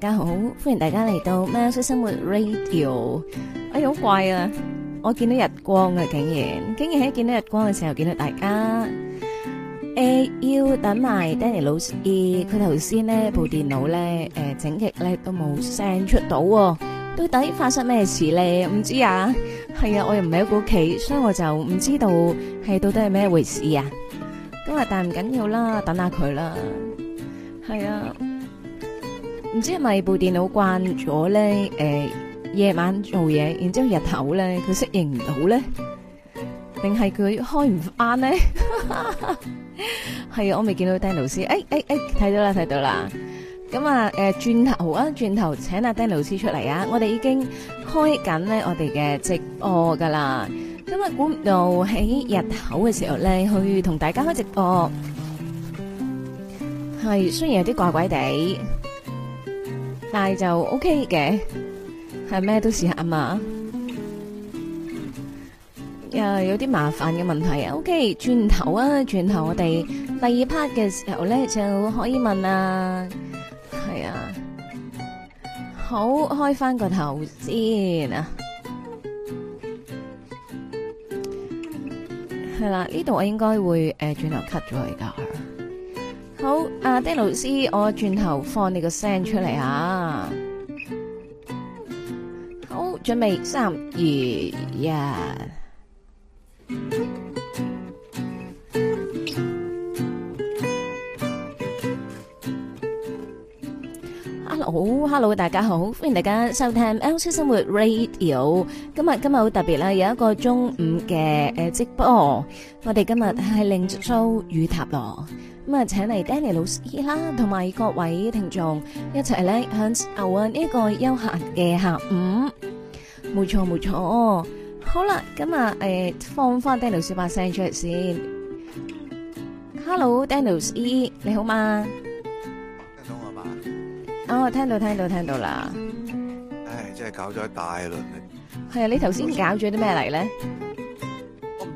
大家好，歡迎大家嚟到《喵式生活 Radio》。哎，好怪啊！我見到日光啊，竟然竟然喺見到日光嘅時候見到大家。誒，要等埋 Danny 老師，佢頭先呢部電腦咧誒、呃、整極咧都冇聲出到，哦，到底發生咩事咧？唔知道啊，係啊，我又唔喺屋企，所以我就唔知道係到底係咩回事啊。咁日但唔緊要啦，等下佢啦。係啊。唔知係咪部電腦慣咗咧？誒，夜晚做嘢，然之後日頭咧，佢適應唔到咧，定係佢開唔翻咧？係啊，我未見到 Danny 老師，誒誒誒，睇到啦，睇到啦。咁啊，誒，轉頭啊，轉頭，請阿 Danny 老師出嚟啊！我哋已經開緊咧，我哋嘅直播噶啦。今日估唔到喺日頭嘅時候咧，去同大家開直播，係雖然有啲怪怪地。但係就 OK 嘅，係咩都試下啊嘛。又、yeah, 有啲麻煩嘅問題啊，OK，轉頭啊，轉頭我哋第二 part 嘅時候咧就可以問啦，係啊，好開翻個頭先啊，係啦，呢度我應該會誒轉、呃、頭 cut 咗一㗎。好，阿 Danny 老師，我轉頭放你個聲出嚟啊！好，準備三、二、一。Hello，Hello，大家好，歡迎大家收聽喵式生活 Radio。今日今日好特別啦，有一個中午嘅誒直播。我哋今日係靈數與塔羅。咁啊，請嚟 Danny 老師啦，同埋各位聽眾一齊咧，享受呢個悠閒嘅下午，冇錯冇錯。好啦，咁啊，誒，放翻 Danny 老師把聲出嚟先。Hello，Danny，你好嘛？聽到嘛？啊，聽到聽到聽到啦。唉，真係搞咗一大輪。係啊，你頭先搞咗啲咩嚟咧？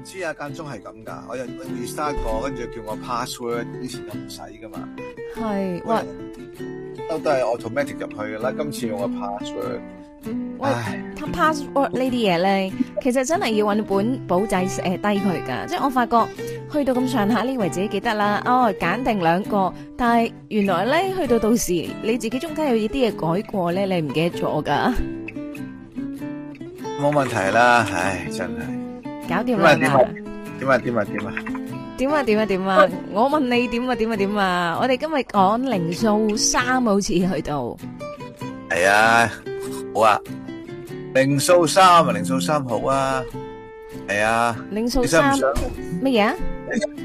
知啊，間中係咁噶。我又 reset 過，跟住叫我 password，以前都唔使噶嘛。係喂，都都係 automatic 入去噶啦。今次用個 password，喂，password 呢啲嘢咧，其實真係要揾本簿仔寫低佢噶。即係我發覺去到咁上下，你以為自己記得啦。哦，揀定兩個，但係原來咧去到到時，你自己中間有啲嘢改過咧，你唔記得咗㗎。冇問題啦，唉，真係。搞掂啦！點啊點啊點啊點啊點啊點啊！我問你點啊點啊點啊！我哋今日講靈數三好似去到。係啊，好啊，靈數三啊，靈數三好啊，係啊。靈數三。你想唔想乜嘢啊？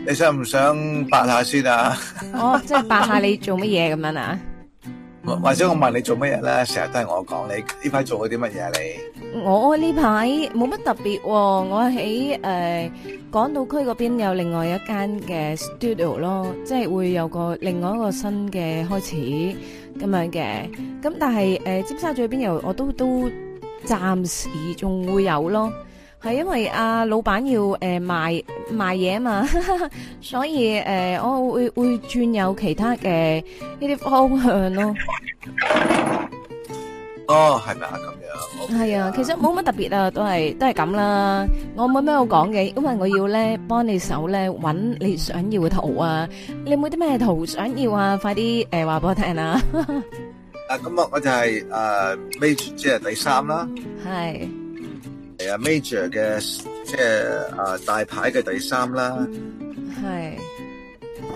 你想唔想八下先啊？哦即係八下你做乜嘢咁樣啊？或者我問你做乜嘢啦？成日都係我講你，呢排做咗啲乜嘢啊？你我呢排冇乜特別喎，我喺誒港島區嗰邊有另外一間嘅 studio 咯，即係會有個另外一個新嘅開始咁樣嘅。咁但係誒尖沙咀嗰邊又我都都暫時仲會有咯。係因為阿老闆要誒賣賣嘢啊嘛，所以誒我會會轉有其他嘅呢啲方向咯。哦，係咪啊？咁樣。係啊，其實冇乜特別啊，都係都係咁啦。我冇咩好講嘅，因為我要咧幫你手咧搵你想要嘅圖啊。你有冇啲咩圖想要啊？快啲誒話俾我聽啊！啊，咁啊，我就係誒孭住即係第三啦。係。係啊，major 嘅即係啊大牌嘅第三啦，係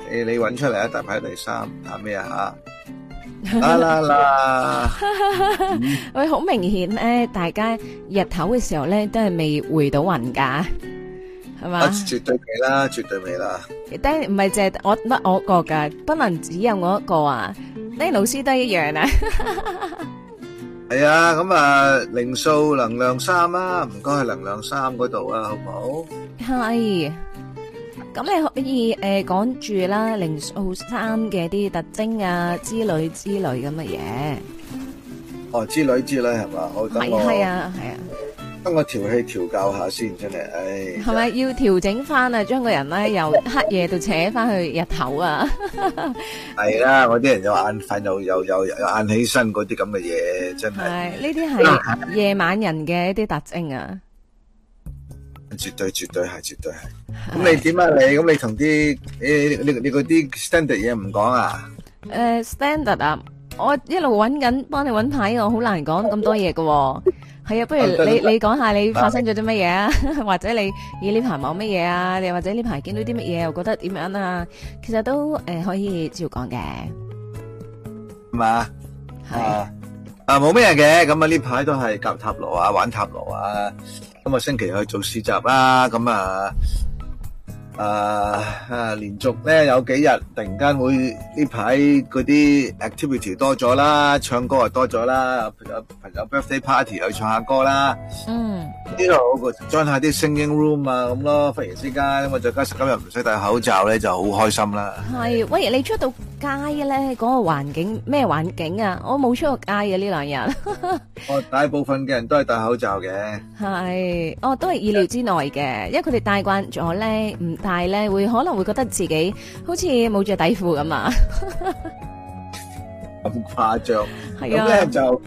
是你你揾出嚟啊大牌第三打咩啊？啦啦啦！喂、 嗯，好 明顯咧，大家日頭嘅時候咧都係未回到雲噶，係嘛、啊？絕對未啦，絕對未啦。但唔係淨係我乜我個噶，不能只有我一個啊。你老師都一樣啊。 係啊，咁啊零數能量三啦，唔該係能量三嗰度啊，好唔好？係，咁你可以誒講住啦，零數三嘅啲特徵啊，之類之類咁嘅嘢。哦，之類之類係嘛，我係啊，係啊。等我調氣調教下先，真係，係係咪要調整翻啊？將個人咧由黑夜到扯翻去日頭啊！係 啦、啊，我啲人又眼瞓，又又又晏起身嗰啲咁嘅嘢，真係。係呢啲係夜晚人嘅一啲特徵啊！絕對絕對係，絕對係。咁、哎、你點啊？你咁你同啲誒，你你嗰啲 standard 嘢唔講啊？誒、呃、standard 啊！我一路揾緊，幫你揾牌，我好難講咁多嘢噶、啊。係啊，不如你你講下你發生咗啲乜嘢啊？或者你以呢排冇乜嘢啊？又或者呢排見到啲乜嘢又覺得點樣啊？其實都誒、呃、可以照講嘅，係嘛、啊？係的啊，啊冇咩嘅，咁啊呢排都係夾塔羅啊，玩塔羅啊，今日星期去做市集啦，咁啊。啊啊啊！連續咧有幾日，突然間會呢排嗰啲 activity 多咗啦，唱歌又多咗啦。朋友，朋友 birthday party 又去唱下歌啦。嗯，呢度裝下啲 singing room 啊咁咯。忽然之間，我再加上今日唔使戴口罩咧，就好開心啦。係，喂，你出到街咧，嗰個環境咩環境啊？我冇出過街嘅呢兩日。我大部分嘅人都係戴口罩嘅。係，哦，都係意料之內嘅，因為佢哋戴慣咗咧，唔戴。戴咧，會可能會覺得自己好似冇着底褲咁啊，咁誇張。係啊，就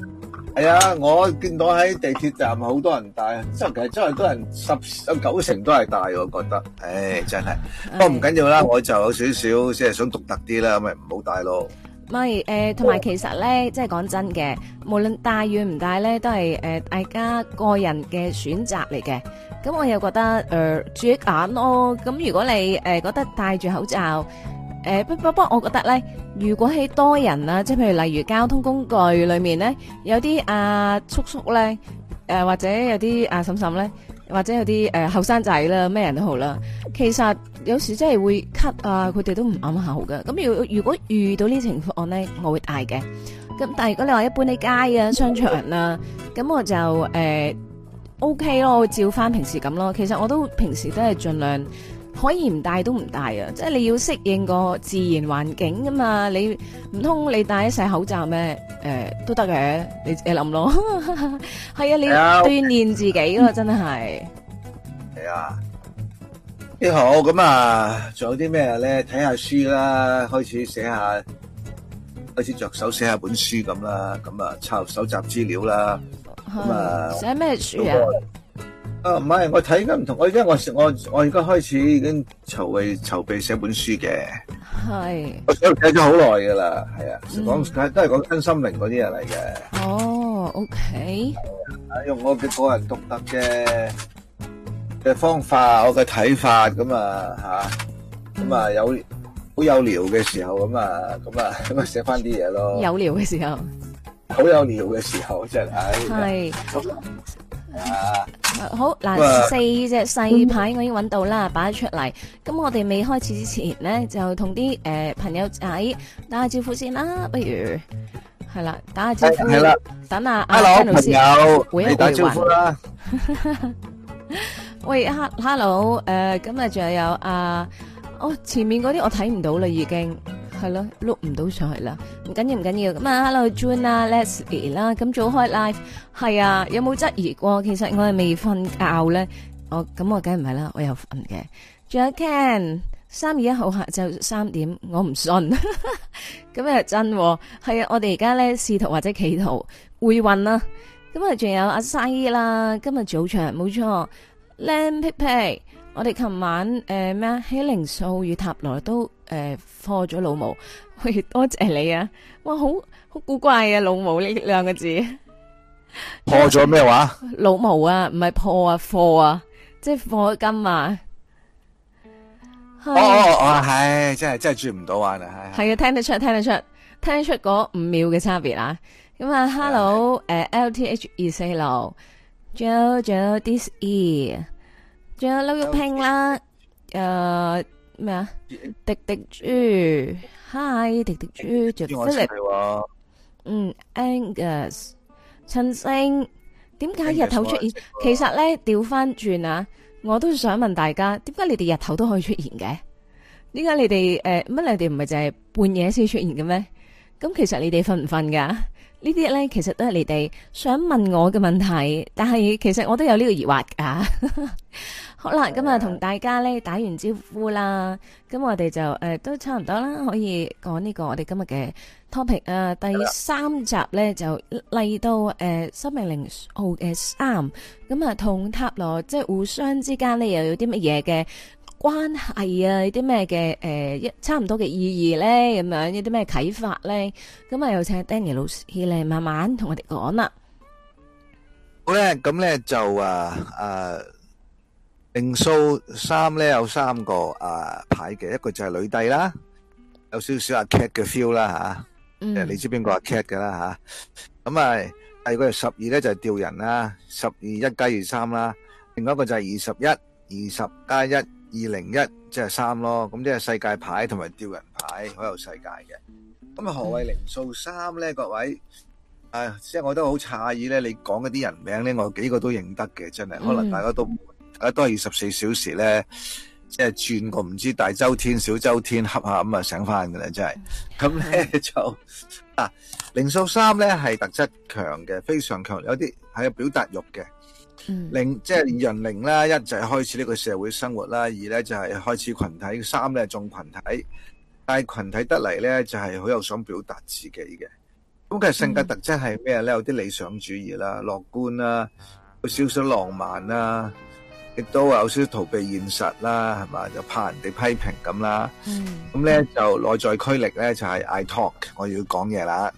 係啊，我見到喺地鐵站好多人戴，真係真係多人十九成都係戴，我覺得，唉，真係。不過唔緊要啦，我就有少少即係想獨特啲啦，咁咪唔好戴咯。咪誒，同埋其實咧，即係講真嘅，無論戴與唔戴咧，都係誒大家個人嘅選擇嚟嘅。咁我又覺得誒注意眼咯。咁如果你誒覺得戴住口罩，誒不不不，我覺得咧，如果喺多人啊，即係譬如例如交通工具裏面咧，有啲阿叔叔咧，誒或者有啲阿嬸嬸咧。或者有啲誒後生仔啦，咩人都好啦。其實有時真係會咳啊，佢哋都唔啱喉嘅。咁如如果遇到呢情況咧，我會嗌嘅。咁但係如果你話一般啲街啊、商場呀、啊，咁我就誒、呃、OK 咯，我會照翻平時咁咯。其實我都平時都係盡量。可以唔戴都唔戴啊！即係你要適應個自然環境噶嘛，你唔通你戴一世口罩咩？誒，都得嘅，你你諗咯。係啊，你要鍛煉自己咯，真係。係啊。你好，咁啊，仲有啲咩咧？睇下書啦，開始寫下，開始着手寫下本書咁啦，咁啊，抄搜集資料啦。咁啊。寫咩書啊？啊，唔係，我睇而家唔同，我因為我我我而家開始已經籌備籌備寫本書嘅，係是，我寫咗好耐噶啦，係啊，講、嗯、都係講身心靈嗰啲嘢嚟嘅。哦、oh,，OK，、啊、用我嘅個人獨特嘅嘅方法，我嘅睇法咁啊，吓、啊，咁啊有好有聊嘅時候，咁啊，咁啊，咁啊寫翻啲嘢咯，有聊嘅時候，好有聊嘅時候，真係係啊。啊啊、好，嗱、啊啊、四隻細牌已經找、嗯、我已揾到啦，擺咗出嚟。咁我哋未開始之前咧，就同啲誒朋友仔打下招呼先啦。不如係啦，打下招呼，哎、等啊，阿朋友，一玩你打招呼啦、啊。 喂，哈，hello，誒、呃，咁啊，仲有啊，我前面嗰啲我睇唔到啦，已經。係咯，碌唔到上去啦。唔緊要，唔緊要。咁啊 Hello June 啊 Leslie 啦。咁早開 live，係啊。係啊 Hello, June, a, live, 有冇質疑過？其實我係未瞓覺咧。我咁我梗唔係啦，我又瞓嘅。仲有 Ken，三月一號下晝三點，我唔信。咁 又真？係啊，我哋而家咧試圖或者企圖會運啦。咁啊，仲有阿西啦，今日早場冇錯。靚皮皮，我哋琴晚誒咩啊？靈數與塔羅都。誒，破咗老毛，喂，多謝你啊！哇，好好古怪啊，老毛呢兩個字，破咗咩話？老毛啊，唔係破啊，課啊，即係課金啊！哦哦哦，係、哎，真係真係轉唔到玩啊，係啊、哎哎，聽得出，聽得出，聽得出嗰五秒嘅差別啊！咁啊，Hello，誒 Yeah.、uh,，L T H 二四六仲有仲有 this year，劉玉平啦，誒。咩啊？滴滴豬，Hi，滴滴豬着 p 嗯，Angus，陳星，點解日頭出現？出其實咧調翻轉啊，我都想問大家，點解你哋日頭都可以出現嘅？為什麼們呃、點解你哋誒乜你哋唔係淨係半夜先出現嘅咩？咁其實你哋瞓唔瞓噶？呢啲咧，其實都係你哋想問我嘅問題，但係其實我都有呢個疑惑㗎。好啦，咁啊同大家咧打完招呼啦，咁我哋就誒都差唔多啦，可以講呢個我哋今日嘅 topic 啊，第三集咧就嚟到誒生命靈號嘅三，咁啊同塔羅即係互相之間咧又有啲乜嘢嘅關係啊，呢啲咩嘅誒，一差唔多嘅意義咧，咁樣呢啲咩啟發咧？咁啊，有請 Danny 老師，佢咧慢慢同我哋講啦。好咧，咁咧就啊誒，定數三咧有三個啊牌嘅，一個就係女帝啦，有少少阿 cat 嘅 feel 啦吓。誒，你知邊個阿 cat 噶啦吓？咁啊，第二個係十二咧就係吊人啦，十二一加二三啦。另外一個就係二十一，二十加一。二零一即係三咯，咁即係世界牌同埋吊人牌好有世界嘅。咁啊，何謂零數三咧？各位，mm. 啊，即係我都好詫異咧，你講嗰啲人名咧，我幾個都認得嘅，真係。可能大家都，mm. 大家都係二十四小時咧，即係轉個唔知大周天、小周天，瞌下咁啊醒翻嘅啦，真係。咁咧、mm. 就啊，零數三咧係特質強嘅，非常強，有啲係有表達欲嘅。令即係人零啦，一就係開始呢個社會生活啦，二咧就係開始群體，三咧係眾群體。但係群體得嚟咧就係好有想表達自己嘅。咁其實性格特質係咩咧？有啲理想主義啦，樂觀啦，有少少浪漫啦，亦都有少少逃避現實啦，係嘛？就怕人哋批評咁啦。咁咧、嗯嗯、就內在驅力咧就係 I talk，我要講嘢啦。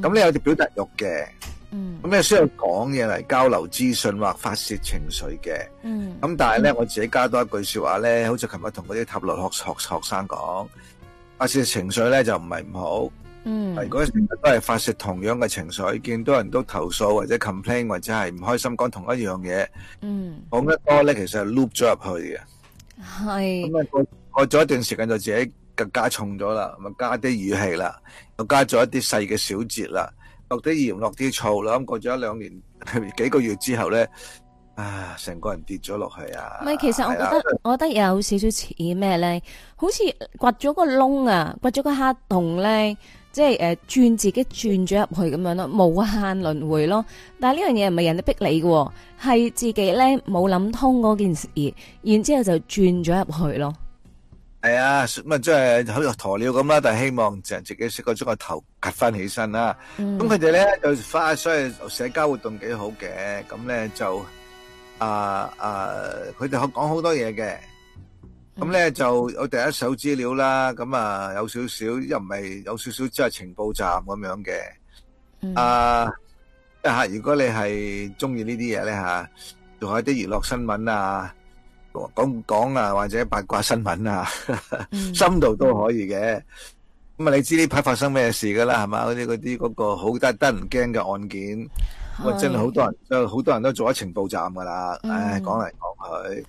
咁你有啲表達欲嘅。咁咧需要講嘢嚟交流資訊或發泄情緒嘅。咁、嗯、但係咧，嗯、我自己加多一句說話咧，好似琴日同嗰啲塔羅學學學生講，發泄情緒咧就唔係唔好。如果成日都係發泄同樣嘅情緒，見到人都投訴或者 complain 或者係唔開心講同一樣嘢。講、嗯、得多咧，其實係 loop 咗入去嘅。咁啊是，過咗、嗯、一段時間就自己更加重咗啦，咁啊加啲語氣啦，又加咗一啲細嘅小節啦。落啲鹽，落啲醋啦。咁過咗一兩年幾個月之後咧，啊，成個人跌咗落去啊。唔係，其實我覺得、啊、我覺得有少少似咩咧，好似掘咗個窿啊，掘咗個黑洞咧，即係誒轉自己轉咗入去咁樣咯，無限輪迴咯。但係呢樣嘢唔係人哋逼你嘅，係自己咧冇諗通嗰件事，然之後就轉咗入去咯。係啊，咁啊即係好似鴕鳥咁啦，但係希望就自己識個將個頭夾翻起身啦。咁佢哋咧就花，所以社交活動幾好嘅。咁咧就啊啊，佢哋可講好多嘢嘅。咁咧就有第一手資料啦。咁啊有少少，又唔係有少少即係情報站咁樣嘅。嗯、啊吓，如果你係中意呢啲嘢咧吓，仲有啲娛樂新聞啊。講唔講啊，或者八卦新聞啊，深度都可以嘅。咁啊、嗯，嗯、你知呢排發生咩事噶啦，係嘛？嗰啲嗰啲嗰個好得得人驚嘅案件，喂的，真係好多人，好的多人都做咗情報站噶啦。唉、嗯，講嚟講去，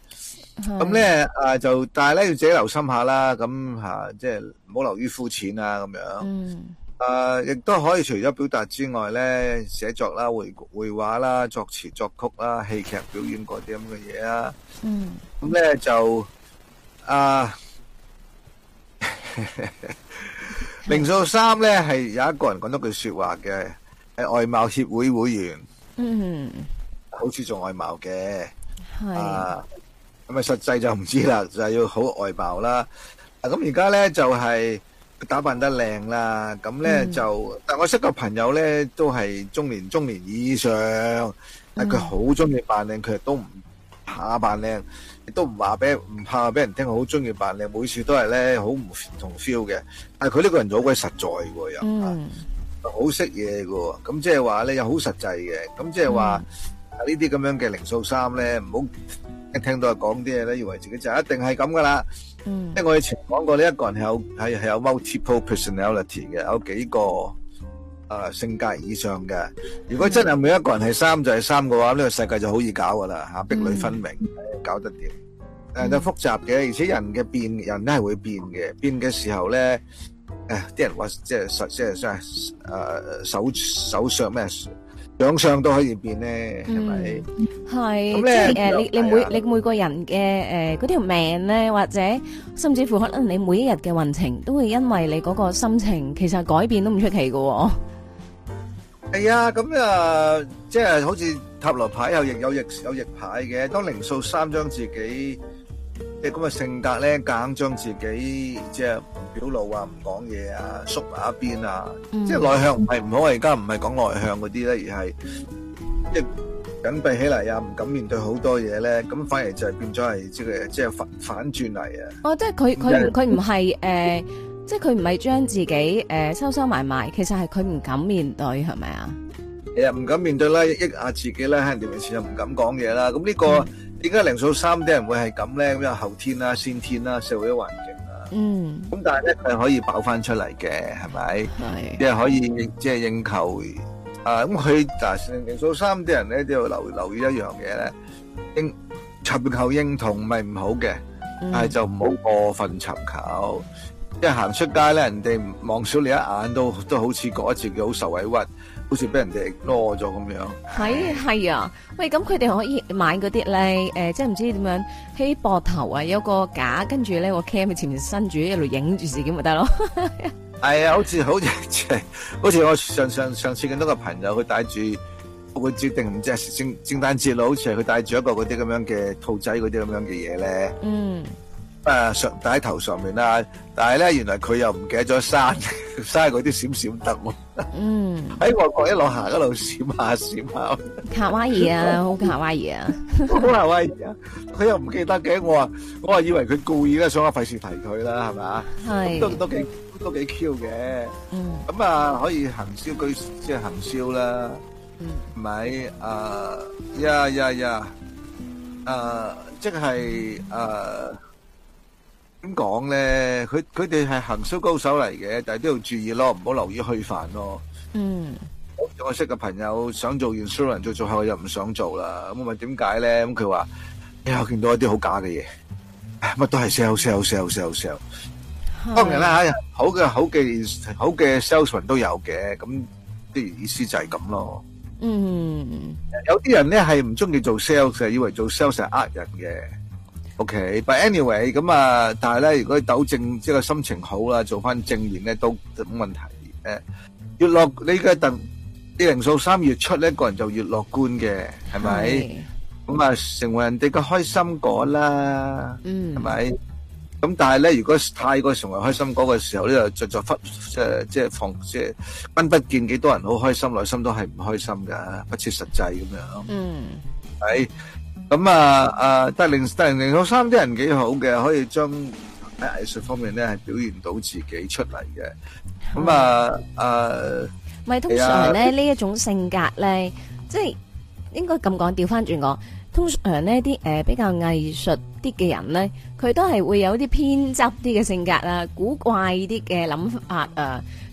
咁咧的就但係咧要自己留心下啦。咁吓、啊，即係唔好留於膚淺啊，咁樣。嗯誒，亦都可以除咗表達之外咧，寫作啦、繪繪畫啦、作詞作曲啦、戲劇表演嗰啲咁嘅嘢啦。嗯。咁咧就，誒，靈數三咧係有一個人講多句說話嘅，係外貌協會會員。嗯。好似做外貌嘅。係。啊，咁啊，實際就唔知啦，就係要好外貌啦。啊，咁而家咧就係。打扮得靚啦，咁咧就，但係我識個朋友咧，都係中年中年以上，但係佢好中意扮靚，佢都唔怕扮靚，亦都唔話俾唔怕俾人聽，好中意扮靚，每次都係咧好唔同 feel 嘅。但係佢呢個人又好鬼實在嘅又，好識嘢嘅，咁即係話咧又好實際嘅，咁即係話呢啲咁樣嘅靈數三咧，唔好一聽到佢講啲嘢咧，以為自己就一定係咁噶啦。即係、嗯、我以前講過，呢一個人係有係係有 multiple personality 嘅，有幾個誒、呃、性格以上嘅。如果真係每一個人係三就係三嘅話，呢、嗯、個世界就好易搞噶啦吓，壁壘分明，嗯、搞得掂。誒，就複雜嘅，而且人嘅變，人都係會變嘅。變嘅時候咧，誒，啲人話即係實即係即係誒手手相咩？呃長相都可以變咧，係咪？係，即係誒，你你每你每個人嘅誒嗰條命咧，或者甚至乎可能你每一日嘅運程，都會因為你嗰個心情，其實改變都唔出奇嘅。係啊，咁啊，即係好似塔羅牌有逆有逆有逆牌嘅，當靈數三張自己，即係咁嘅性格咧，夾硬將自己只。表露啊，唔講嘢啊，縮埋一邊啊，即係內向唔係唔好啊，而家唔係講內向嗰啲咧，而係即係隱蔽起嚟啊，唔敢面對好多嘢咧，咁反而就係變咗係即係即係反反轉嚟啊！哦，即係佢佢佢唔係誒，即係佢唔係將自己誒收收埋埋，其實係佢唔敢面對，係咪啊？係啊，唔敢面對啦，抑壓自己啦，喺人哋面前就唔敢講嘢啦。咁呢個點解靈數三啲人會係咁咧？咁又後天啦、先天啦、社會環。嗯，咁但係咧係可以爆翻出嚟嘅，係咪？係是，即係可以即係、嗯、應求，啊！咁佢嗱，生命靈數三啲人咧都要留留意一樣嘢咧，應尋求認同唔係唔好嘅，但係就唔好過分尋求，即係、嗯、行出街咧，人哋望少你一眼都都好似覺得自己好受委屈。好似俾人哋攞咗咁樣，係係啊，唉啊！喂，咁佢哋可以買嗰啲咧，誒，即係唔知點樣喺膊頭啊，有個架，跟住咧個 camera 前面伸住，一路影住自己咪得咯。係 啊、哎，好似好似好似我上上上次見到個朋友佢帶住，我決定唔知係聖聖誕節咯，好似係佢帶住一個嗰啲咁樣嘅兔仔嗰啲咁樣嘅嘢咧。嗯。誒，上戴喺頭上面啦，但係咧，原來佢又唔記得咗山嘥嗰啲閃閃燈喎。嗯，喺外國一路行一路閃下閃下。卡哇伊啊，好卡哇伊啊，好卡哇伊啊。佢又唔記得嘅，我話我話以為佢故意啦，想我費事提佢啦，係咪？係都都幾都幾 Q 嘅。嗯，咁啊，可以行銷居即係行銷啦。嗯，係啊呀呀呀，誒即係誒。點講咧？佢佢哋係行銷高手嚟嘅，但係都要注意咯，唔好流於虛泛咯。嗯，好似我識嘅朋友想做 insurance，做做下又唔想做啦。咁我問點解咧？咁佢話：哎呀，我見到一啲好假嘅嘢，乜都係 sell sell sell sell sell。當然啦，吓好嘅好嘅好嘅 salesman 都有嘅。咁啲意思就係咁咯。嗯，有啲人咧係唔中意做 sales，以為做 sales 係呃人嘅。OK，but、okay, anyway，咁啊，但係咧，如果鬥正即係心情好啦，做翻正面咧都冇問題。誒，越落你嘅啲靈數三月出呢個人就越樂觀嘅，係咪？咁啊是，成為人哋嘅開心果啦，係咪、嗯？咁但係咧，如果太過成為開心果嘅時候咧，就著在忽即係即係放即係，君不見幾多人好開心，內心都係唔開心㗎，不切實際咁樣，嗯係。咁啊啊，零零零六三啲人幾好嘅，可以將喺藝術方面咧，係表現到自己出嚟嘅。咁啊啊，唔係通常咧，呢一種性格咧， 即係應該咁講，調返轉講，通常呢啲誒比較藝術啲嘅人咧，佢都係會有啲偏執啲嘅性格啦，古怪啲嘅諗法啊。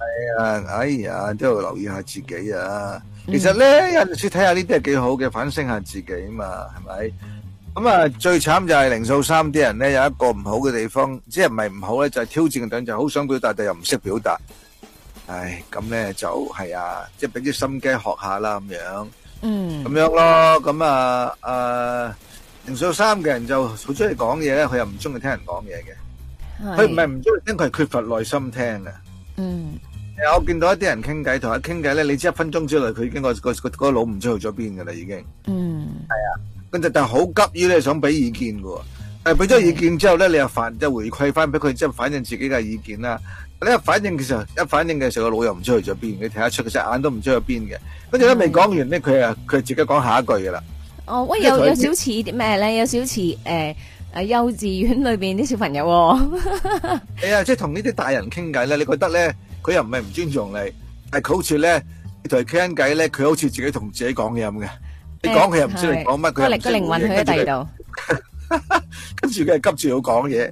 係啊，哎呀，都要留意下自己啊。其實咧，有時睇下呢啲係幾好嘅，反省下自己嘛，係咪？咁啊，最慘就係零數三啲人咧，有一個唔好嘅地方，即係唔係唔好咧，就係挑戰嘅等，就好想表達，但係又唔識表達。唉，咁咧就係啊，即係俾啲心機學下啦，咁樣，嗯，咁樣咯。咁啊，誒，零數三嘅人就好中意講嘢咧，佢又唔中意聽人講嘢嘅。佢唔係唔中意聽，佢係缺乏耐心聽嘅。嗯。我見到一啲人傾偈，同佢傾偈咧，你知一分鐘之內佢已經個個個腦唔知去咗邊噶啦，已經。嗯，係啊，跟住但係好急於咧想俾意見嘅，但係俾咗意見之後咧，你又反即係回饋翻俾佢，即係反映自己嘅意見啦。你反一反映其實一反映嘅時候個腦又唔知去咗邊，你睇得出佢隻眼都唔知去邊嘅。跟住咧未講完咧，佢啊佢自己講下一句噶啦。哦，喂，有有少似啲咩咧？有少似誒誒，幼稚園裏邊啲小朋友。哦。係 啊，即係同呢啲大人傾偈咧，你覺得咧？佢又唔係唔尊重你，但係佢好似咧你同佢傾緊偈咧，佢好似自己同自己講嘢咁嘅。你講佢又唔知你講乜，佢又唔知。個靈魂喺第二度，跟住佢係急住要講嘢。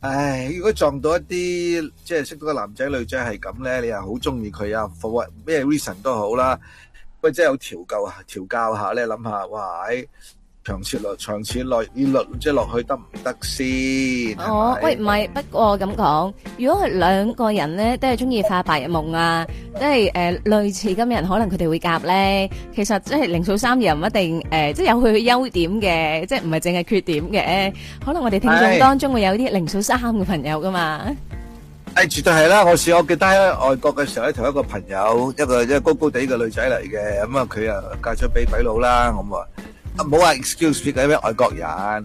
唉，如果撞到一啲即係識到個男仔女仔係咁咧，你又好中意佢啊，for 咩 reason 都好啦，喂，真係有調教啊，調教下咧，諗下哇唉！長持落，長持落，你落即落去得唔得先？哦，喂，唔係，不過咁講，如果係兩個人咧，都係中意發白日夢啊，即係誒，類似今日可能佢哋會夾咧。其實即係靈數三又唔一定，誒，即係有佢嘅優點嘅，即係唔係淨係缺點嘅。可能我哋聽眾當中會有啲靈數三嘅朋友㗎嘛。誒，絕對係啦！我試我記得喺外國嘅時候咧，同一個朋友，一個即係高高地嘅女仔嚟嘅，咁啊，佢啊嫁咗俾鬼佬啦，咁啊。唔好話 excuse me 佢係一位外國人，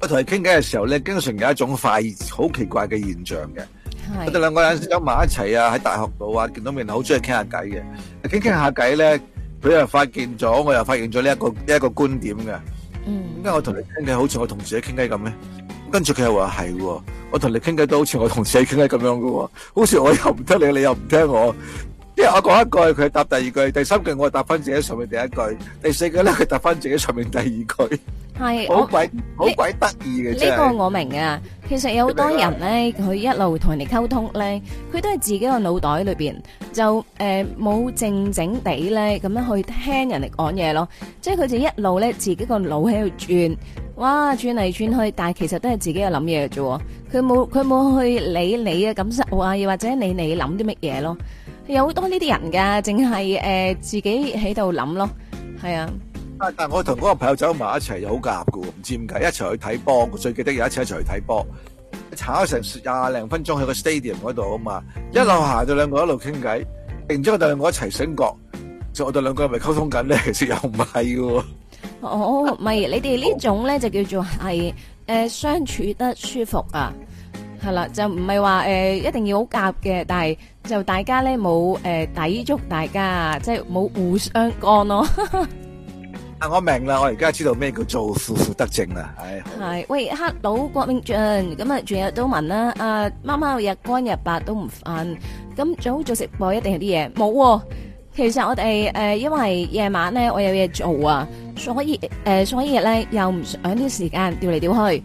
我同佢傾偈嘅時候咧，經常有一種快好奇怪嘅現象嘅。的我哋兩個人走埋一齊啊，喺大學度啊，見到面好中意傾下偈嘅。傾傾下偈咧，佢又發現咗，我又發現咗呢一個呢一個觀點嘅。嗯，點解我同你傾偈好似我同事喺傾偈咁咧？跟住佢又話係喎，我同你傾偈都好似我同事喺傾偈咁樣噶喎，好似我又唔聽你，你又唔聽我。我講一句，佢答第二句，第三句我係答翻自己上面第一句，第四句咧佢答翻自己上面第二句，係好鬼好鬼得意嘅。呢個我明啊，其實有好多人咧，佢一路同人哋溝通咧，佢都係自己個腦袋裏邊就誒冇靜靜地咧咁樣去聽人哋講嘢咯。即係佢就一路咧自己個腦喺度轉，哇轉嚟轉去，但係其實都係自己嘅諗嘢啫。佢冇佢冇去理你嘅感受啊，又或者你你諗啲乜嘢咯？有好多呢啲人噶，淨係誒自己喺度諗咯，係啊。但但我同嗰個朋友走埋一齊又好夾噶，唔知點解一齊去睇波，最記得有一次一齊去睇波，撐咗成廿零分鐘喺個 stadium 嗰度啊嘛，一路行到兩個一路傾偈，然之後我哋兩個一齊醒覺，就我哋兩個係咪溝通緊咧？其實又唔係嘅。哦，唔係，你哋呢種咧就叫做係誒相處得舒服啊，係啦，就唔係話誒一定要好夾嘅，但係。就大家咧冇誒抵觸，大家啊，即係冇互相干咯。啊，我明啦，我而家知道咩叫做負負得正啦，係。係，喂，黑佬郭明俊，咁啊，全日都問啦。啊，貓貓日光日白都唔瞓。咁早早食過一啲嘢冇？其實我哋誒，因為夜晚咧我有嘢做啊，所以誒，所以咧又唔想啲時間調嚟調去。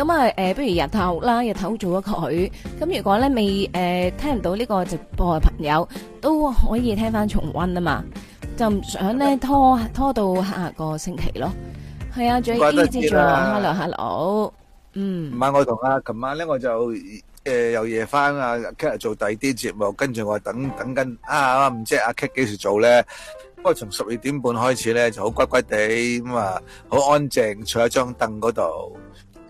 咁啊，誒，不如日頭啦，日頭做咗佢。咁如果咧未誒聽唔到呢個直播嘅朋友，都可以聽翻重溫啊嘛，就唔想咧拖拖到下個星期咯。係啊，最啲節目，hello hello，嗯。唔係我同阿，琴晚咧我就誒又夜翻阿 K 做第二啲節目，跟住我等等緊啊，唔知阿 K 幾時做咧。不過從十二點半開始咧就好乖乖地咁啊，好安靜坐喺張凳嗰度。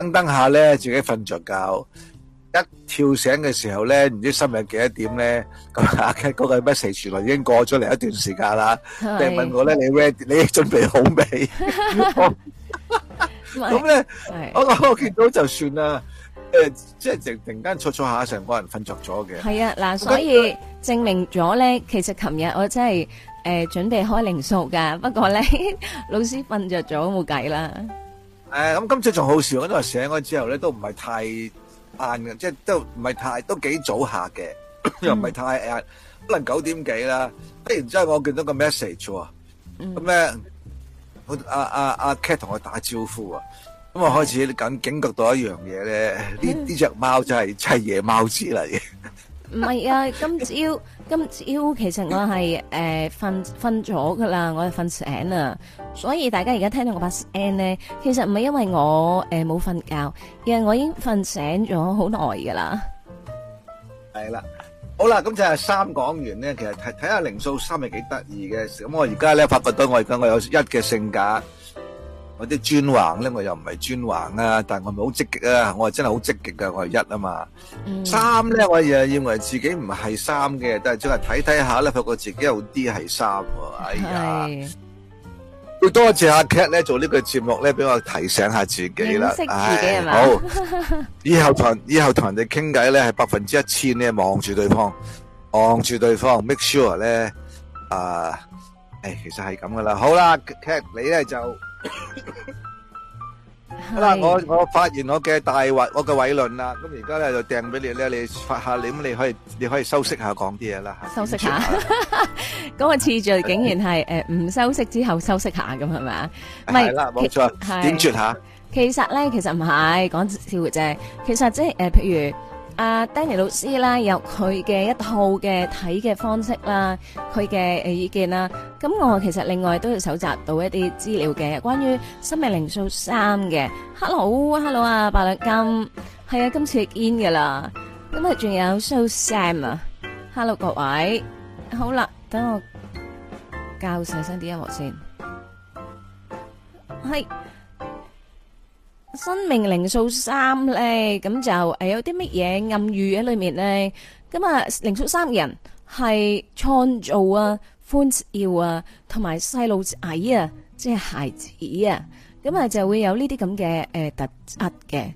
噔噔下咧，自己瞓着覺，一跳醒嘅時候咧，唔知深夜幾多點咧，咁阿 K 哥係乜事？原來已經過咗嚟一段時間啦。你問我咧，你 ready？你準備好未？咁咧，我我見到就算啦。誒，即係直突然間嘈嘈下，成個人瞓着咗嘅。係啊，嗱，所以證明咗咧，其實琴日我真係誒準備開靈數噶，不過咧老師瞓着咗，冇計啦。誒，咁、嗯、今次仲好笑，我都係醒咗之後咧，都唔係太晏嘅，即係都唔係太，都幾早下嘅，嗯、又唔係太晏，可能九點幾啦。忽然之間我見到個 message 喎，咁咧、嗯，阿、嗯、啊阿 cat 同我打招呼啊，咁、嗯、我開始緊警覺到一樣嘢咧，呢呢隻貓就係砌夜貓之嚟嘅。唔係 啊，今朝今朝其實我係誒瞓瞓咗噶啦，我係瞓醒啦，所以大家而家聽到我把聲咧，其實唔係因為我誒冇瞓覺，而係我已經瞓醒咗好耐噶啦。係啦，好啦，咁就係三講完咧，其實睇睇下零數三係幾得意嘅，咁我而家咧發覺到我而家我有一嘅性格。嗰啲專橫咧，我又唔係專橫啊，但係我咪好積極啊！我係真係好積極噶，我係一啊嘛。嗯、三咧，我又以為自己唔係三嘅，但係淨係睇睇下咧，是發覺自己有啲係三。哎呀，要是多謝阿 Cat 咧做呢個節目咧，俾我提醒下自己啦。認識自己係、哎、好，以後同以後同人哋傾偈咧，係百分之一千咧望住對方，望住對方，make sure 咧啊，誒、呃哎，其實係咁噶啦。好啦 Cat 你咧就。嗱，我我發言我嘅大話我嘅偉論啦，咁而家咧就掟俾你咧，你發下你咁，你可以你可以修飾下講啲嘢啦，修飾下，嗰個次序竟然係誒唔修飾之後修飾下咁係咪啊？唔係，係啦，冇錯，點絕吓？其實咧，其實唔係講笑啫，其實即係誒，譬如。阿 Danny 老師啦，有佢嘅一套嘅睇嘅方式啦，佢嘅誒意見啦。咁我其實另外都要搜集到一啲資料嘅，關於生命靈數三嘅。Hello，Hello，阿白亮金，係啊，今次係 in 噶啦。咁啊，仲有 So Sam 啊，Hello 各位，好啦，等我教細聲啲音樂先，係。生命零數三咧，咁就誒有啲乜嘢暗喻喺裏面咧？咁啊，零數三人係創造啊、歡耀啊、同埋細路仔啊，即係孩子啊，咁啊就會有呢啲咁嘅誒特質嘅。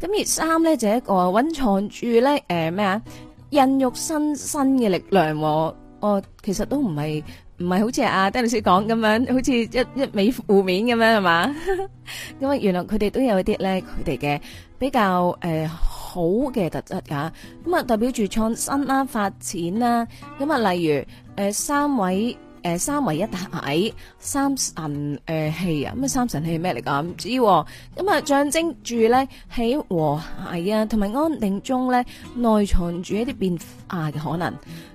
咁而三咧就係一個蘊藏住咧誒咩啊？孕育新生嘅力量喎，我其實都唔係。唔係好似阿 Danny 老師講咁樣，好似一味負面咁樣係嘛？咁啊，原來佢哋都有一啲咧，佢哋嘅比較誒好嘅特質噶。咁啊，代表住創新啦、發展啦。咁啊，例如誒三位誒三位一體三神誒氣啊，咁啊三神氣咩嚟噶？唔知。咁啊，象徵住咧喺和諧啊同埋安定中咧，內藏住一啲變化嘅可能。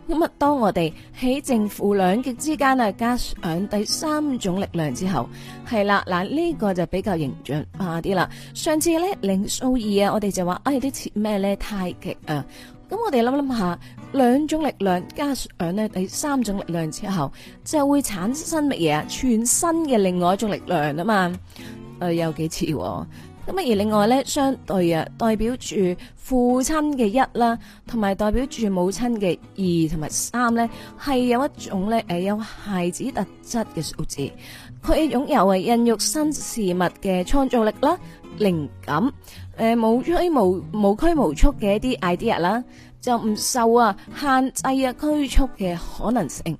咁啊！當我哋喺正負兩極之間啊，加上第三種力量之後，係啦嗱，呢個就比較形象化啲啦。上次咧零數二啊，我哋就話誒啲似咩咧？太極啊，咁我哋諗諗下，兩種力量加上咧第三種力量之後，就會產生乜嘢啊？全新嘅另外一種力量啊嘛，誒、啊、有幾似喎、啊？咁而另外咧，相對啊，代表住父親嘅一啦，同埋代表住母親嘅二同埋三咧，係有一種咧誒有孩子特質嘅數字，佢擁有啊孕育新事物嘅創造力啦、靈感誒無拘無無拘無束嘅一啲 idea 啦，就唔受啊限制啊拘束嘅可能性。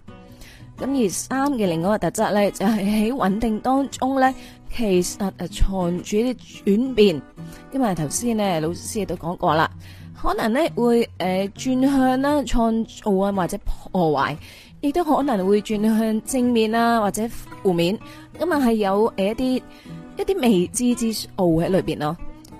咁而三嘅另外一個特質咧，就係喺穩定當中咧。其實誒，創住啲轉變，因為頭先咧，老師亦都講過啦，可能咧會誒、呃、轉向啦，創造啊或者破壞，亦都可能會轉向正面啊或者負面，咁啊係有誒一啲一啲未知之奧喺裏邊咯。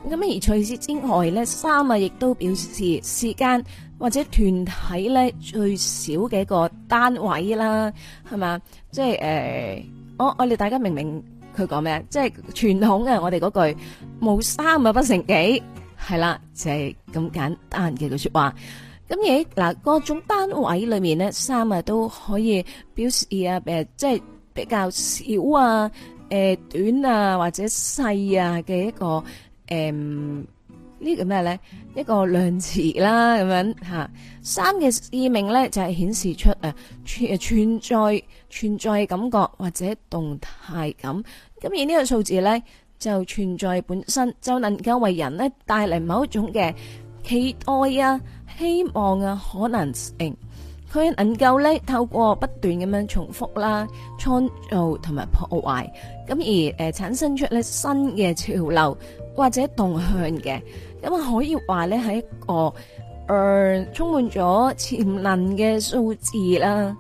咁而除此之，之外咧，三啊亦都表示時間或者團體咧最少嘅一個單位啦，係嘛，即係誒、呃哦，我我哋大家明明？佢講咩？即係傳統嘅，我哋嗰句無三啊，不成幾係啦，就係咁簡單嘅句說話。咁咦嗱，各種單位裏面咧，三啊都可以表示啊，誒，即係比較少啊，誒，短啊或者細啊嘅一個誒，呢個咩咧？一個量詞啦，咁樣吓。三嘅意命咧就係顯示出誒存存在存在感覺或者動態感。咁而呢個數字咧，就存在本身就能夠為人咧帶嚟某一種嘅期待啊、希望啊、可能性。佢能夠咧透過不斷咁樣重複啦、創造同埋破壞，咁而誒產生出咧新嘅潮流或者動向嘅。咁啊可以話咧係一個誒充滿咗潛能嘅數字啦。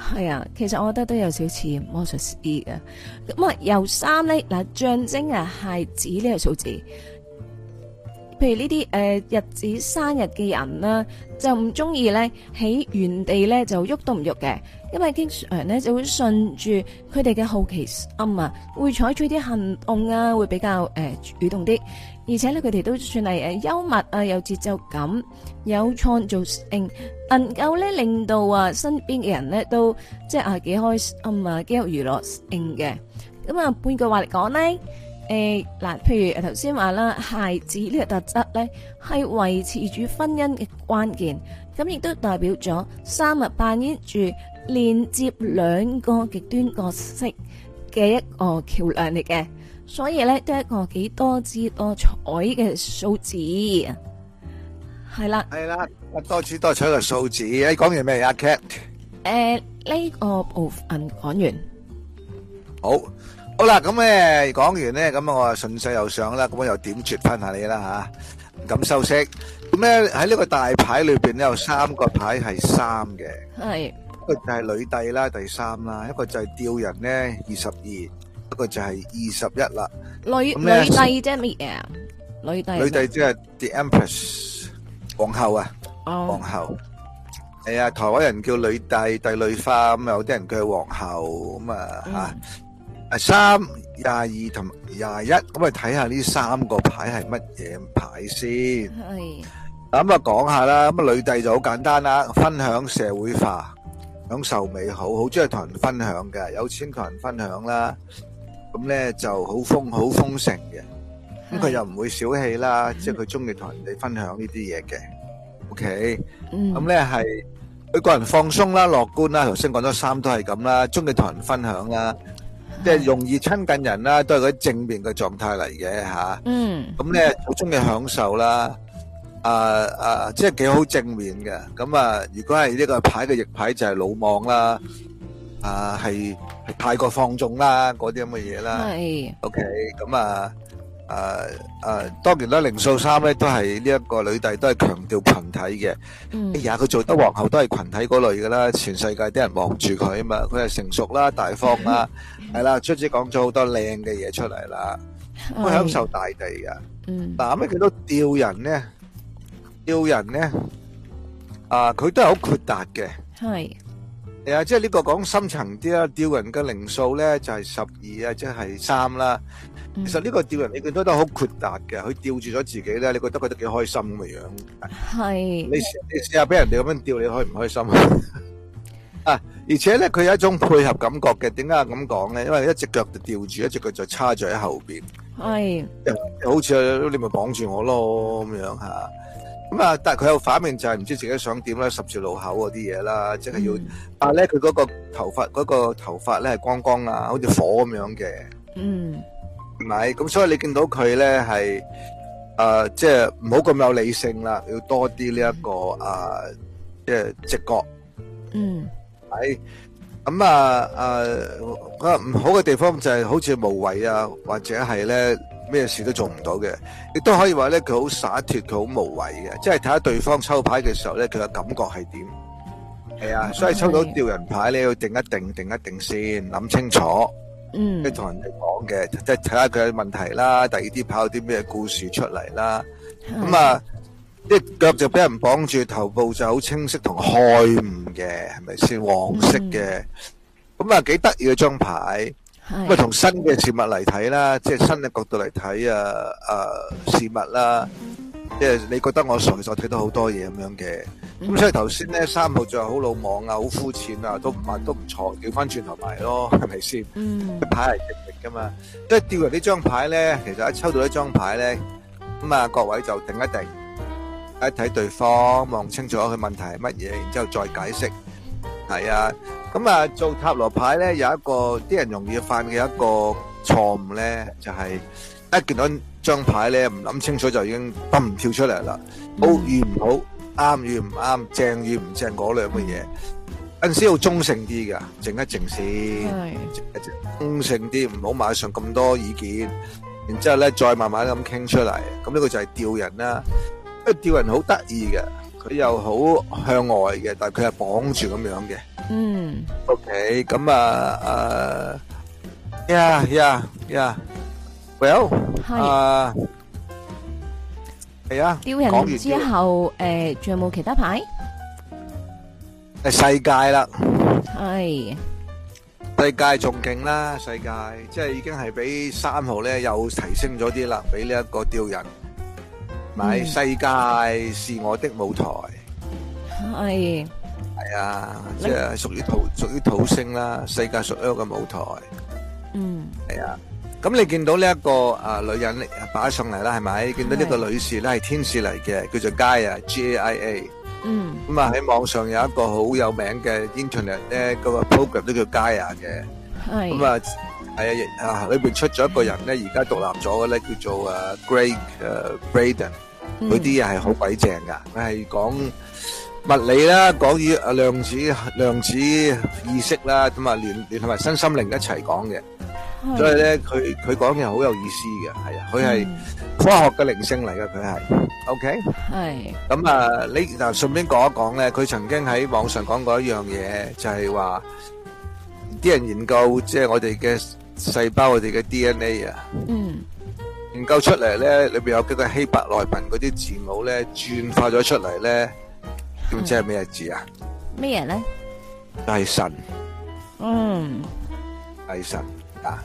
係啊，其實我覺得都有少似魔術師嘅。咁啊，由三呢，嗱，象徵啊，係指呢個數字。譬如呢啲誒日子生日嘅人啦，就唔中意咧喺原地咧就喐都唔喐嘅，因為經常咧就會順住佢哋嘅好奇心啊，會採取啲行動啊，會比較誒主動啲，而且咧佢哋都算係誒幽默啊，有節奏感，有創造性，能夠咧令到啊身邊嘅人咧都即係啊幾開心啊幾有娛樂性嘅，咁啊半句話嚟講咧。誒，嗱，譬如誒，頭先話啦，孩子呢個特質咧，係維持住婚姻嘅關鍵，咁亦都代表咗三日扮演住連接兩個極端角色嘅一個橋梁嚟嘅，所以咧都係一個幾多姿多彩嘅數字，係啦，係啦，多姿多彩嘅數字，你講完咩、啊？阿 Cat 誒，呢、這個部分講完，好。好啦，咁咧講完咧，咁啊，我順勢又上啦，咁啊，又點絕翻下你啦吓，唔敢收息。咁咧喺呢個大牌裏邊咧，有三個牌係三嘅，係一個就係女帝啦，第三啦，一個就係吊人咧，二十二，一個就係二十一啦。女帝啫咩啊？女帝。女帝即係 The Empress 皇后啊，皇后。係啊，台灣人叫女帝，帝女花咁啊，有啲人叫皇后咁啊吓。啊，三廿二同廿一，咁啊睇下呢三個牌係乜嘢牌先。係咁啊，講下啦。咁啊，女帝就好簡單啦，分享社會化，享受美好，好中意同人分享嘅，有錢同人分享啦。咁咧就好豐好豐盛嘅，咁佢又唔會小氣啦，即係佢中意同人哋分享呢啲嘢嘅。OK，咁咧係佢個人放鬆啦，樂觀啦。頭先講咗三都係咁啦，中意同人分享啦。即係容易親近人啦，都係嗰啲正面嘅狀態嚟嘅吓。嗯。咁咧好中意享受啦，啊啊，即係幾好正面嘅。咁啊，如果係呢個牌嘅逆牌就係魯莽啦，啊係係太過放縱啦，嗰啲咁嘅嘢啦。係。O K，咁啊，誒誒，當然啦，靈數三咧都係呢一個女帝都係強調群體嘅。嗯。而家，佢做得皇后都係群體嗰類噶啦，全世界啲人望住佢啊嘛，佢係成熟啦，大方啦。係啦，出姐講咗好多靚嘅嘢出嚟啦，我享受大地噶。嗯，嗱，咩叫都吊人咧？吊人咧，啊，佢都係好豁達嘅。係，係啊，即係呢個講深層啲啦。吊人嘅靈數咧就係十二啊，即係三啦。其實呢個吊人你覺得都係好豁達嘅，佢吊住咗自己咧，你覺得覺得幾開心咁嘅樣。係，你你試下俾人哋咁樣吊，你開唔開心？啊！而且咧，佢有一種配合感覺嘅。點解咁講咧？因為一隻腳就吊住，一隻腳就叉住喺後邊，係，好似你咪綁住我咯咁樣吓。咁啊，但係佢有反面就係唔知自己想點啦，十字路口嗰啲嘢啦，即係要。但係咧，佢嗰個頭髮嗰個頭髮咧係光光啊，好似火咁樣嘅。嗯，係咪？咁所以你見到佢咧係誒，即係唔好咁有理性啦，要多啲呢一個誒，即係直覺。嗯。係咁、嗯、啊！誒、啊，唔好嘅地方就係好似無謂啊，或者係咧咩事都做唔到嘅。亦都可以話咧，佢好灑脫，佢好無謂嘅。即係睇下對方抽牌嘅時候咧，佢嘅感覺係點？係啊，所以抽到吊人牌的你要定一定定一定先，諗清楚。嗯，即係同人哋講嘅，即係睇下佢嘅問題啦。第二啲拋啲咩故事出嚟啦。咁啊。一腳就俾人綁住，頭部就好清晰同開悟嘅，係咪先？黃色嘅。咁啊，幾得意嘅張牌。咁啊，從新嘅事物嚟睇啦，即係新嘅角度嚟睇啊啊事物啦。即係你覺得我傻，我睇到好多嘢咁樣嘅。咁所以頭先咧三號就係好魯莽啊，好膚淺啊，都唔係都唔錯，調翻轉頭埋咯，係咪先？嗯，牌係直力噶嘛。即係吊人呢張牌咧，其實一抽到呢張牌咧，咁啊各位就定一定。一睇對方，望清楚佢問題係乜嘢，然之後再解釋。係啊，咁啊做塔羅牌咧，有一個啲人容易犯嘅一個錯誤咧，就係一見到張牌咧，唔諗清楚就已經嘣跳出嚟啦。好與唔好，啱與唔啱，正與唔正，嗰兩嘅嘢。陣時要中性啲㗎，靜一靜先，中性啲，唔好馬上咁多意見。然之後咧，再慢慢咁傾出嚟。咁呢個就係釣人啦。吊人好得意嘅，佢又好向外嘅，但係佢係綁住咁樣嘅。嗯，OK，咁啊，誒，yeah，yeah，yeah，Well，係，係啊，吊人之後，誒，仲有冇其他牌？誒，世界啦，係，世界仲勁啦，世界即係已經係比三號咧，又提升咗啲啦，比呢一個吊人。買世界是我的舞台，係係啊，即係屬於土，屬於土星啦。世界屬於我嘅舞台，嗯，係啊。咁你見到呢一個啊女人擺上嚟啦，係咪？見到呢個女士咧係天使嚟嘅，叫做 Gaia，G I A，嗯。咁啊喺網上有一個好有名嘅 internet 咧，嗰個 program 都叫 Gaia 嘅，係咁啊。係啊，啊裏邊出咗一個人咧，而家獨立咗嘅咧，叫做啊 Greg 啊 Braden，佢啲嘢係好鬼正噶，佢係講物理啦，講與啊量子、量子意識啦，咁啊連連同埋身心靈一齊講嘅，所以咧佢佢講嘢好有意思嘅，係啊，佢係科學嘅靈性嚟噶，佢係，OK，係，咁啊，你嗱順便講一講咧，佢曾經喺網上講過一樣嘢，就係話啲人研究即係我哋嘅。細胞我哋嘅 DNA 啊，嗯，研究出嚟咧，裏邊有幾個希伯來文嗰啲字母咧，轉化咗出嚟咧，咁即係咩字啊？咩嘢咧？係神。嗯，係神啊，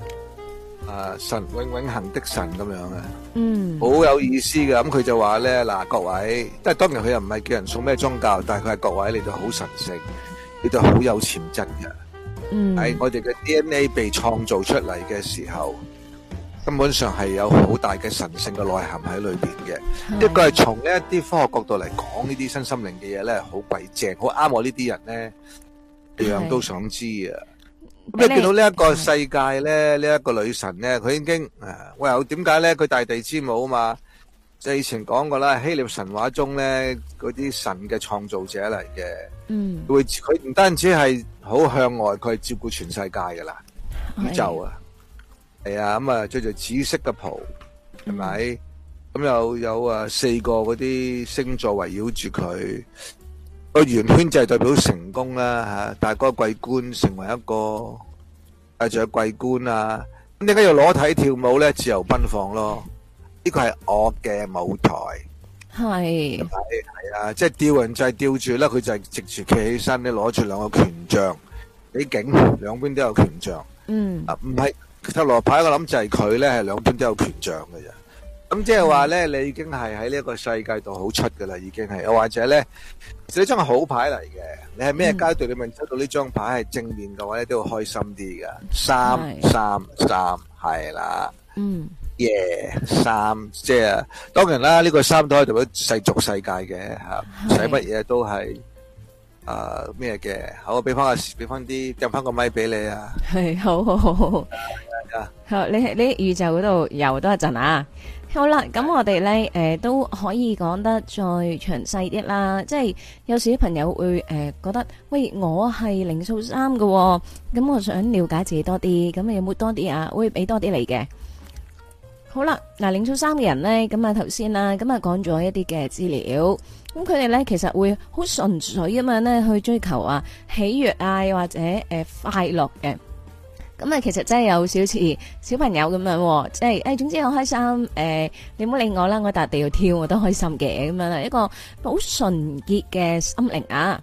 啊神永永恆的神咁樣嘅，嗯，好有意思嘅。咁佢就話咧嗱，各位，即係當然佢又唔係叫人信咩宗教，但係佢係各位，你哋好神聖，你哋好有潛質嘅。係、嗯、我哋嘅 DNA 被創造出嚟嘅時候，根本上係有好大嘅神性嘅內涵喺裏邊嘅。嗯、一個係從一啲科學角度嚟講呢啲身心靈嘅嘢咧，好鬼正，好啱我呢啲人咧，樣的都想知啊。咁你見到呢一個世界咧，呢一的個女神咧，佢已經喂，我又點解咧？佢大地之母啊嘛。就以前講過啦，希臘神話中咧嗰啲神嘅創造者嚟嘅，會佢唔單止係好向外，佢係照顧全世界嘅啦 Okay 宇宙啊。係啊，咁啊著住紫色嘅袍，係咪？咁又、嗯嗯、有啊四個嗰啲星座圍繞住佢個圓圈，就係代表成功啦、啊、嚇。戴嗰個桂冠，成為一個戴住個桂冠啊。咁點解要裸體跳舞咧？自由奔放咯。呢個係我嘅舞台，係係啊，即係吊人就係吊住啦，佢就係直住企起身咧，攞住兩個權杖，幾勁，兩邊都有權杖，嗯，啊，唔係塔羅牌，我諗就係佢咧，係兩邊都有權杖嘅啫。咁即係話咧，你已經係喺呢一個世界度好出噶啦，已經係，又或者咧，呢張係好牌嚟嘅。你係咩階段，你問抽到呢張牌係正面嘅話咧，都會開心啲噶。三三三，係啦，嗯。耶，yeah, 三，即係 當然啦。呢、這個三都可以做咗世俗世界嘅吓，是使乜嘢都係誒咩嘅。好，俾翻阿，俾翻啲掟翻個咪俾你啊。係，好好好好。啊， 你喺你宇宙嗰度遊多一陣啊。好啦，咁我哋咧誒都可以講得再詳細啲啦。即係有時啲朋友會誒、呃、覺得，喂，我係零數三嘅、哦，咁我想了解自己多啲，咁你有冇多啲啊？我會俾多啲你嘅。好啦，嗱，靈數三嘅人咧，咁啊頭先啦，咁啊講咗一啲嘅資料，咁佢哋咧其實會好純粹咁樣，咧去追求啊喜悅啊，又或者誒快樂嘅，咁啊其實真係有少少似小朋友咁樣，即係誒總之好開心，誒你唔好理我啦，我笪地要跳我都開心嘅，咁樣啦，一個好純潔嘅心靈啊。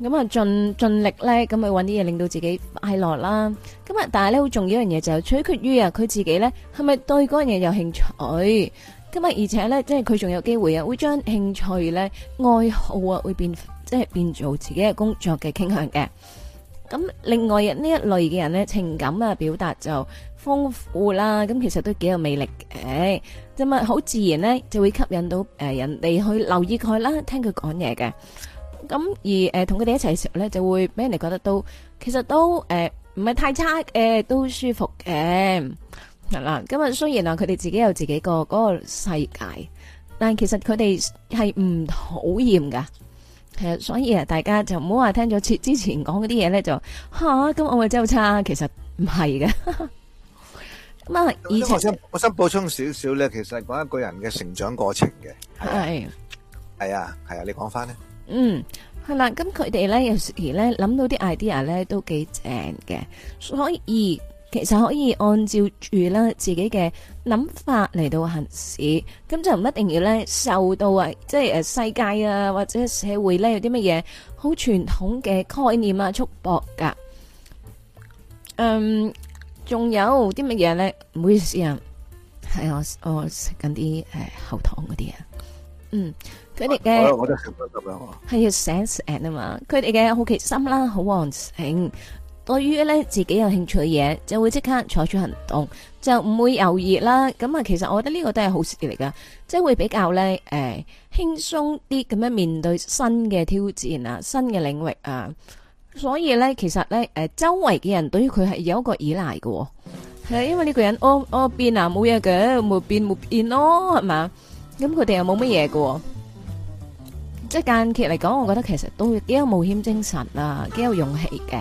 咁啊，盡盡力咧，咁咪搵啲嘢令到自己快樂啦。咁啊，但係咧好重要一樣嘢就係取決於啊，佢自己咧係咪對嗰樣嘢有興趣。咁、嗯、啊，而且咧，即係佢仲有機會啊，會將興趣咧、愛好啊，會變即係變做自己嘅工作嘅傾向嘅。咁、嗯、另外呢一類嘅人咧，情感啊表達就豐富啦。咁其實都幾有魅力嘅，就咪好自然咧，就會吸引到誒人哋去留意佢啦，聽佢講嘢嘅。咁而誒，同佢哋一齊嘅時候咧，就會畀人哋覺得都其實都誒，唔係太差，誒都舒服嘅，係啦。咁啊，雖然啊，佢哋自己有自己個嗰個世界，但係其實佢哋係唔討厭噶。其實所以啊，大家就唔好話聽咗之之前講嗰啲嘢咧，就吓咁我咪真係好差。其實唔係嘅。咁啊，以前我想補充少少咧，其實講一個人嘅成長過程嘅，係係啊，係啊，你講翻咧。嗯，係啦，咁佢哋咧有時咧諗到啲 idea 咧都幾正嘅，所以其實可以按照住咧自己嘅諗法嚟到行事，咁就唔一定要咧受到啊，即係誒世界啊或者社會咧有啲乜嘢好傳統嘅概念啊束縛噶。嗯，仲有啲乜嘢咧？唔好意思啊，係我我食緊啲誒喉糖嗰啲啊，嗯。佢哋嘅，係要 sense and 啊嘛。佢哋嘅好奇心啦，好旺盛。對於咧自己有興趣嘅嘢，就會即刻採取行動，就唔會猶豫啦。咁啊，其實我覺得呢個都係好事嚟噶，即係會比較咧誒輕鬆啲咁樣面對新嘅挑戰啊，新嘅領域啊。所以咧，其實咧誒周圍嘅人對於佢係有一個依賴嘅，係因為呢個人哦哦變啊冇嘢嘅，冇變冇變咯，係嘛？咁佢哋又冇乜嘢嘅。即係間歇嚟講，我覺得其實都幾有冒險精神啊，幾有勇氣嘅。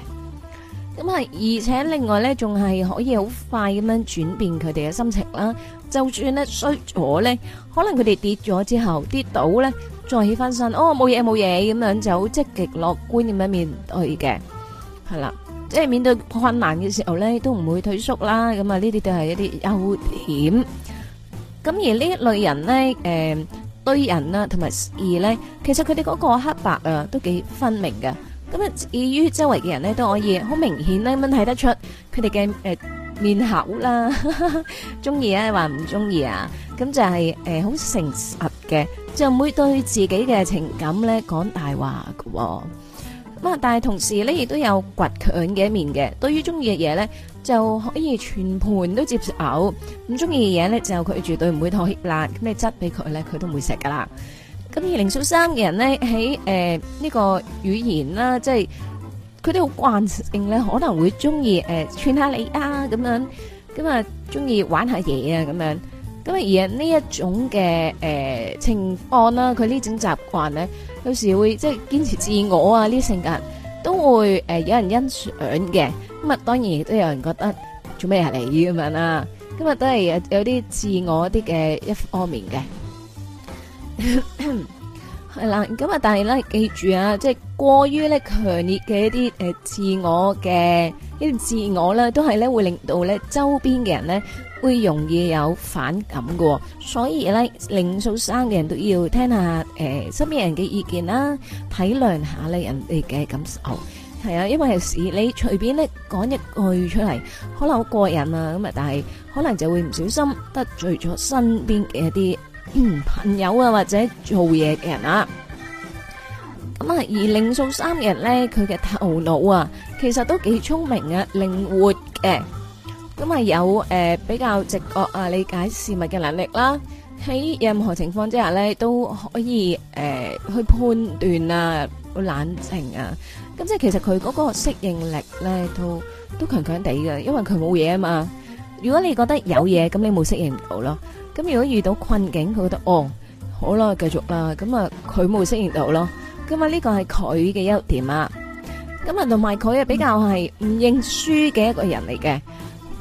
咁啊，而且另外咧，仲係可以好快咁樣轉變佢哋嘅心情啦。就算咧衰咗咧，可能佢哋跌咗之後跌倒咧，再起翻身，哦冇嘢冇嘢，咁樣就好積極樂觀咁樣面對嘅，係啦。即係面對困難嘅時候咧，都唔會退縮啦。咁啊，呢啲都係一啲優點。咁而呢一類人咧，誒。堆人啦，同埋二咧，其實佢哋嗰個黑白啊都幾分明嘅。咁啊，至於周圍嘅人咧，都可以好明顯咧，咁樣睇得出佢哋嘅誒面口啦，中意啊話唔中意啊。咁就係誒好誠實嘅，就唔會對自己嘅情感咧講大話嘅。但係同時咧，亦都有倔強嘅一面嘅。對於中意嘅嘢咧，就可以全盤都接受。唔中意嘅嘢咧，就佢絕對唔會妥協。嗱，咁你執俾佢咧，佢都唔會食噶啦。咁而靈數三嘅人咧，喺誒呢個語言啦，即係佢哋好慣性咧，可能會中意誒串下你啊，咁樣咁啊，中意玩下嘢啊，咁樣。咁啊，而呢一種嘅誒、呃、情況啦，佢呢種習慣咧。有時會即係堅持自我啊，呢啲性格都會誒、呃、有人欣賞嘅咁啊。當然亦都有人覺得做咩係你咁樣啦，啊，今日都係有啲自我啲嘅一方面嘅係啦。咁啊， 但係咧記住啊，即係過於咧強烈嘅一啲誒、呃、自我嘅呢啲自我咧，都係咧會令到咧周邊嘅人咧。會容易有反感嘅，所以咧，靈數三嘅人都要聽下誒身邊人嘅意見啦，體諒下咧人哋嘅感受，係啊，因為有時你隨便咧講一句出嚟，可能好過癮啊，咁啊，但係可能就會唔小心得罪咗身邊嘅一啲呃朋友啊，或者做嘢嘅人啊。咁啊，而靈數三嘅人咧，佢嘅頭腦啊，其實都幾聰明啊，靈活嘅。咁啊、嗯，有誒、呃、比較直覺啊，理解事物嘅能力啦。喺任何情況之下咧，都可以誒、呃、去判斷啊，會冷靜啊。咁即係其實佢嗰個適應力咧都都強強地嘅，因為佢冇嘢啊嘛。如果你覺得有嘢，咁你冇適應到咯。咁如果遇到困境，佢覺得哦好啦，繼續啦。咁啊，佢冇適應到咯。咁、嗯、啊，呢個係佢嘅優點啊。咁啊，同埋佢係比較係唔認輸嘅一個人嚟嘅。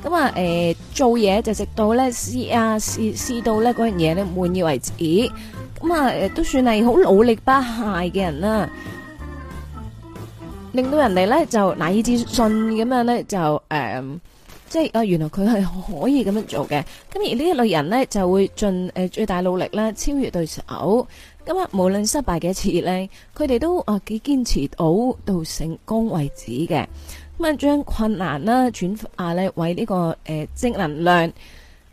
咁啊，誒、嗯呃，做嘢就直到咧試啊，試試到咧嗰樣嘢咧滿意為止。咁、嗯、啊，誒、嗯，都算係好努力不懈嘅人啦，令到人哋咧就難以置信咁樣咧就誒、嗯，即係啊，原來佢係可以咁樣做嘅。咁而呢一類人咧就會盡誒、呃、最大努力啦，超越對手。咁、嗯、啊，無論失敗幾次咧，佢哋都啊幾堅持到到成功為止嘅。咁啊，將困難啦轉化咧為呢、這個誒、呃、正能量，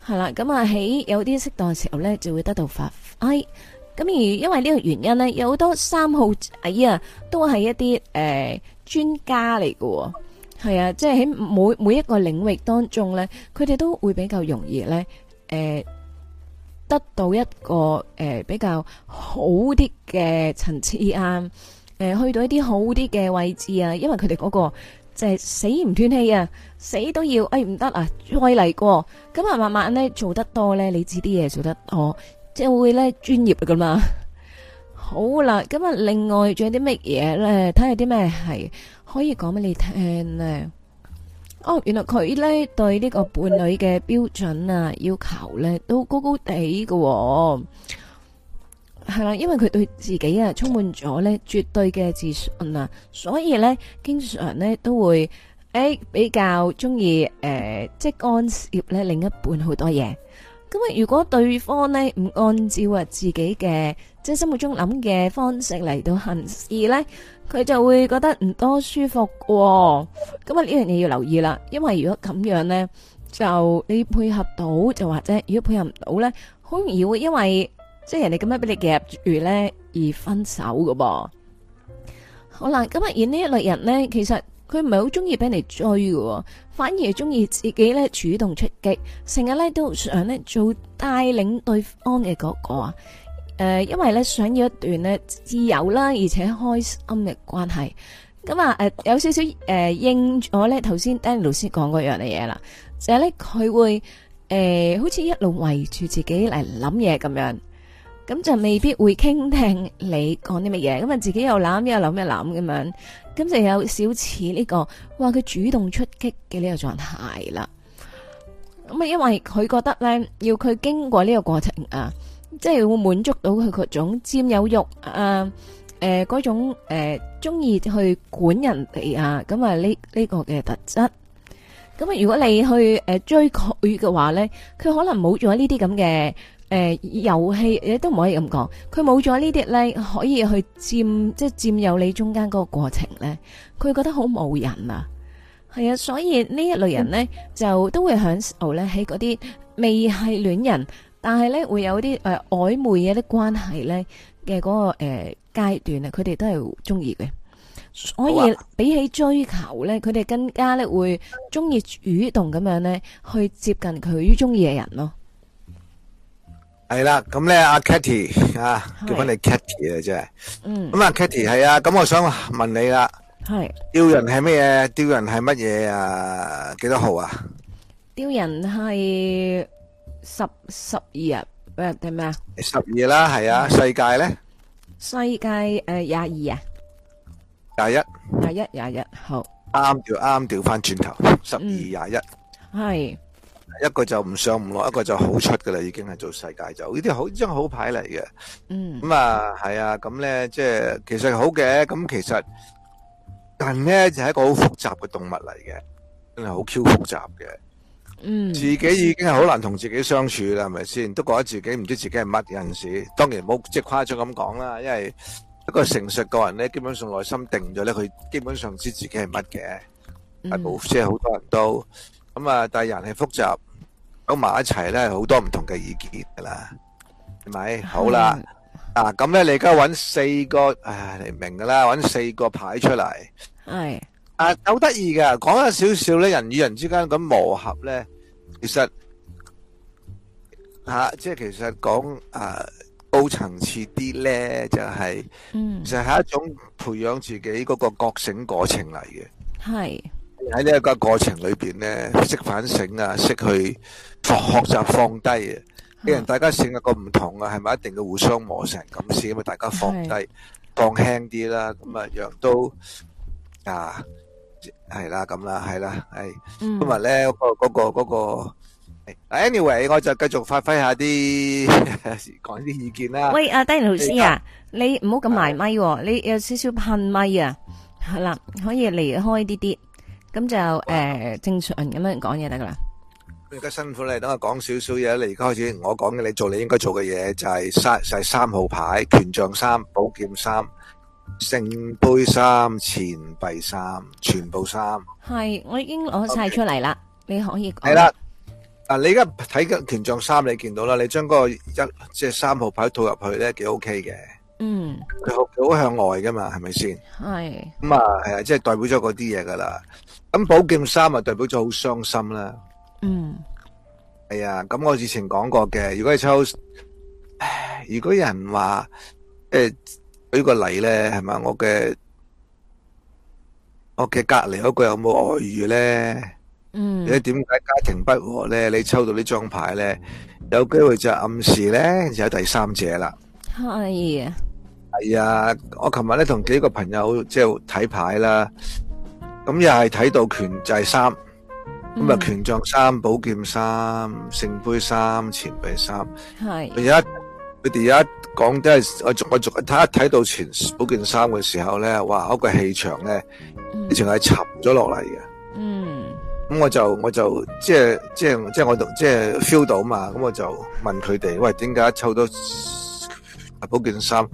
係啦，咁啊喺有啲適當嘅時候咧就會得到發揮。咁而因為呢個原因咧，有好多三號仔啊，都係一啲誒、呃、專家嚟㗎、哦，係啊，即係喺每每一個領域當中咧，佢哋都會比較容易咧，誒、呃、得到一個誒、呃、比較好啲嘅層次啊，誒、呃、去到一啲好啲嘅位置啊，因為佢哋嗰個。就係死唔斷氣啊！死都要，哎唔得啊！再嚟過，咁啊慢慢咧做得多咧，你知啲嘢做得多，就會咧專業噶嘛。 好啦，咁啊，另外仲有啲乜嘢咧？睇下啲咩係可以講俾你聽咧？哦，原來佢咧對呢個伴侶嘅標準啊，要求咧都高高地嘅喎。係啦，因為佢對自己啊充滿咗咧絕對嘅自信啊，所以咧經常咧都會誒、哎、比較中意誒即干涉咧另一半好多嘢。咁啊，如果對方咧唔按照啊自己嘅即係心目中諗嘅方式嚟到行事咧，佢就會覺得唔多舒服㗎。咁啊，呢樣嘢要留意啦，因為如果咁樣咧就你配合到，就或者如果配合唔到咧，好容易會因為。即係人哋咁樣俾你夾住咧，而分手噶噃。好啦，咁啊，而呢一類人咧，其實佢唔係好中意俾人追噶，反而係中意自己咧主動出擊，成日咧都想咧做帶領對方嘅嗰個啊。誒，因為咧想要一段咧自由啦，而且開心嘅關係。咁啊，誒有少少誒應咗咧頭先 Danny 老師講嗰樣嘅嘢啦，就係咧佢會誒好似一路圍住自己嚟諗嘢咁樣。咁就未必會傾聽你講啲乜嘢，咁啊，自己又諗又諗又諗。咁樣，咁就有少似呢個，話佢主動出擊嘅呢個狀態啦。咁啊，因為佢覺得咧，要佢經過呢個過程啊，即係會滿足到佢嗰種佔有欲啊，誒、呃、嗰種誒中意去管人哋啊，咁啊呢呢個嘅特質。咁、嗯、啊，如果你去誒追佢嘅話咧，佢可能冇咗呢啲咁嘅。誒，遊戲亦都唔可以咁講，佢冇咗呢啲咧，可以去佔即係佔有你中間嗰個過程咧，佢覺得好無人啊，係啊，所以呢一類人咧就都會享受咧喺嗰啲未係戀人，但係咧會有啲誒曖昧嘅啲關係咧嘅嗰個誒階段啊，佢哋都係中意嘅，所以比起追求咧，佢哋更加咧會中意主動咁樣咧去接近佢中意嘅人咯。係啦，咁咧阿 Katy 啊，叫翻你 Katy 啊，啫。嗯。咁啊，Katy 係啊，咁我想問你啦。係。吊人係咩嘢？吊人係乜嘢啊？幾多號啊？吊人係十十二啊？誒，定咩啊？十二啦，係啊。世界咧？世界誒廿二啊？廿一。廿一廿一，好。啱調啱調翻轉頭，十二廿一。係。一個就唔上唔落，一個就好出噶啦，已經係做世界就呢啲好，呢張好牌嚟嘅。嗯，咁啊，係啊，咁咧，即係其實好嘅。咁其實人咧就係一個好複雜嘅動物嚟嘅，真係好 Q 複雜嘅。嗯，自己已經係好難同自己相處啦，係咪先？都覺得自己唔知自己係乜，有陣時當然冇即係誇張咁講啦。因為一個成熟個人咧，基本上內心定咗咧，佢基本上知自己係乜嘅。嗯，即係好多人都。咁啊，但係人係複雜，攪埋一齊咧，好多唔同嘅意見噶啦，係咪？是的 好啦，咁咧，你而家揾四個，唉，你明噶啦，揾四個牌出嚟，係是的 啊，好得意㗎。講咗少少咧，人與人之間咁磨合咧，其實、啊、即係其實講啊，高層次啲咧、就係，就係，其就係一種培養自己嗰個覺醒過程嚟嘅，係。喺呢一個過程裏邊咧，識反省啊，識去學學習放低嘅。既然大家性格個唔同啊，係咪一定要互相磨成咁先咁啊？大家放低，放輕啲啦。咁啊，若都啊，係啦，咁啦，係啦，係今日咧，個嗰個嗰個，Anyway，我就繼續發揮下啲講啲意見啦。喂，阿 Danny 老師啊，你唔好咁埋咪，你有少少噴咪啊，係啦，可以離開啲啲。咁就誒，正常咁樣講嘢得噶啦。你而家辛苦你，等我講少少嘢。你而家開始，我講嘅你做你應該做嘅嘢，就係三、即係三號牌、權杖三、寶劍三、聖杯三、錢幣三，全部三。係，我已經攞晒出嚟啦，你可以講。係啦。嗱，你而家睇緊權杖三，你見到啦，你將嗰個一即係三號牌套入去咧，幾 OK 嘅。嗯。佢好向外噶嘛，係咪先？係。咁啊，係啊，即係代表咗嗰啲嘢噶啦。咁寶劍三啊，代表咗好傷心啦。嗯，係啊。咁我以前講過嘅，如果係抽，如果有人話，誒，舉個例咧，係咪，我嘅，我嘅隔籬嗰個有冇外遇咧？嗯，你點解家庭不和咧？你抽到呢張牌咧，有機會就暗示咧就有第三者啦。係啊。係啊，我琴日咧同幾個朋友即係睇牌啦。咁又係睇到權杖三，咁啊權杖三、寶劍三、聖杯三、錢幣三。係。而家佢哋而家講即係我我我睇一睇到前寶劍三嘅時候咧，哇！嗰個氣場咧，以前係沉咗落嚟嘅。嗯。咁我就我就即係即係即係我即係 feel 到嘛。咁我就問佢哋：喂，點解抽到寶劍三，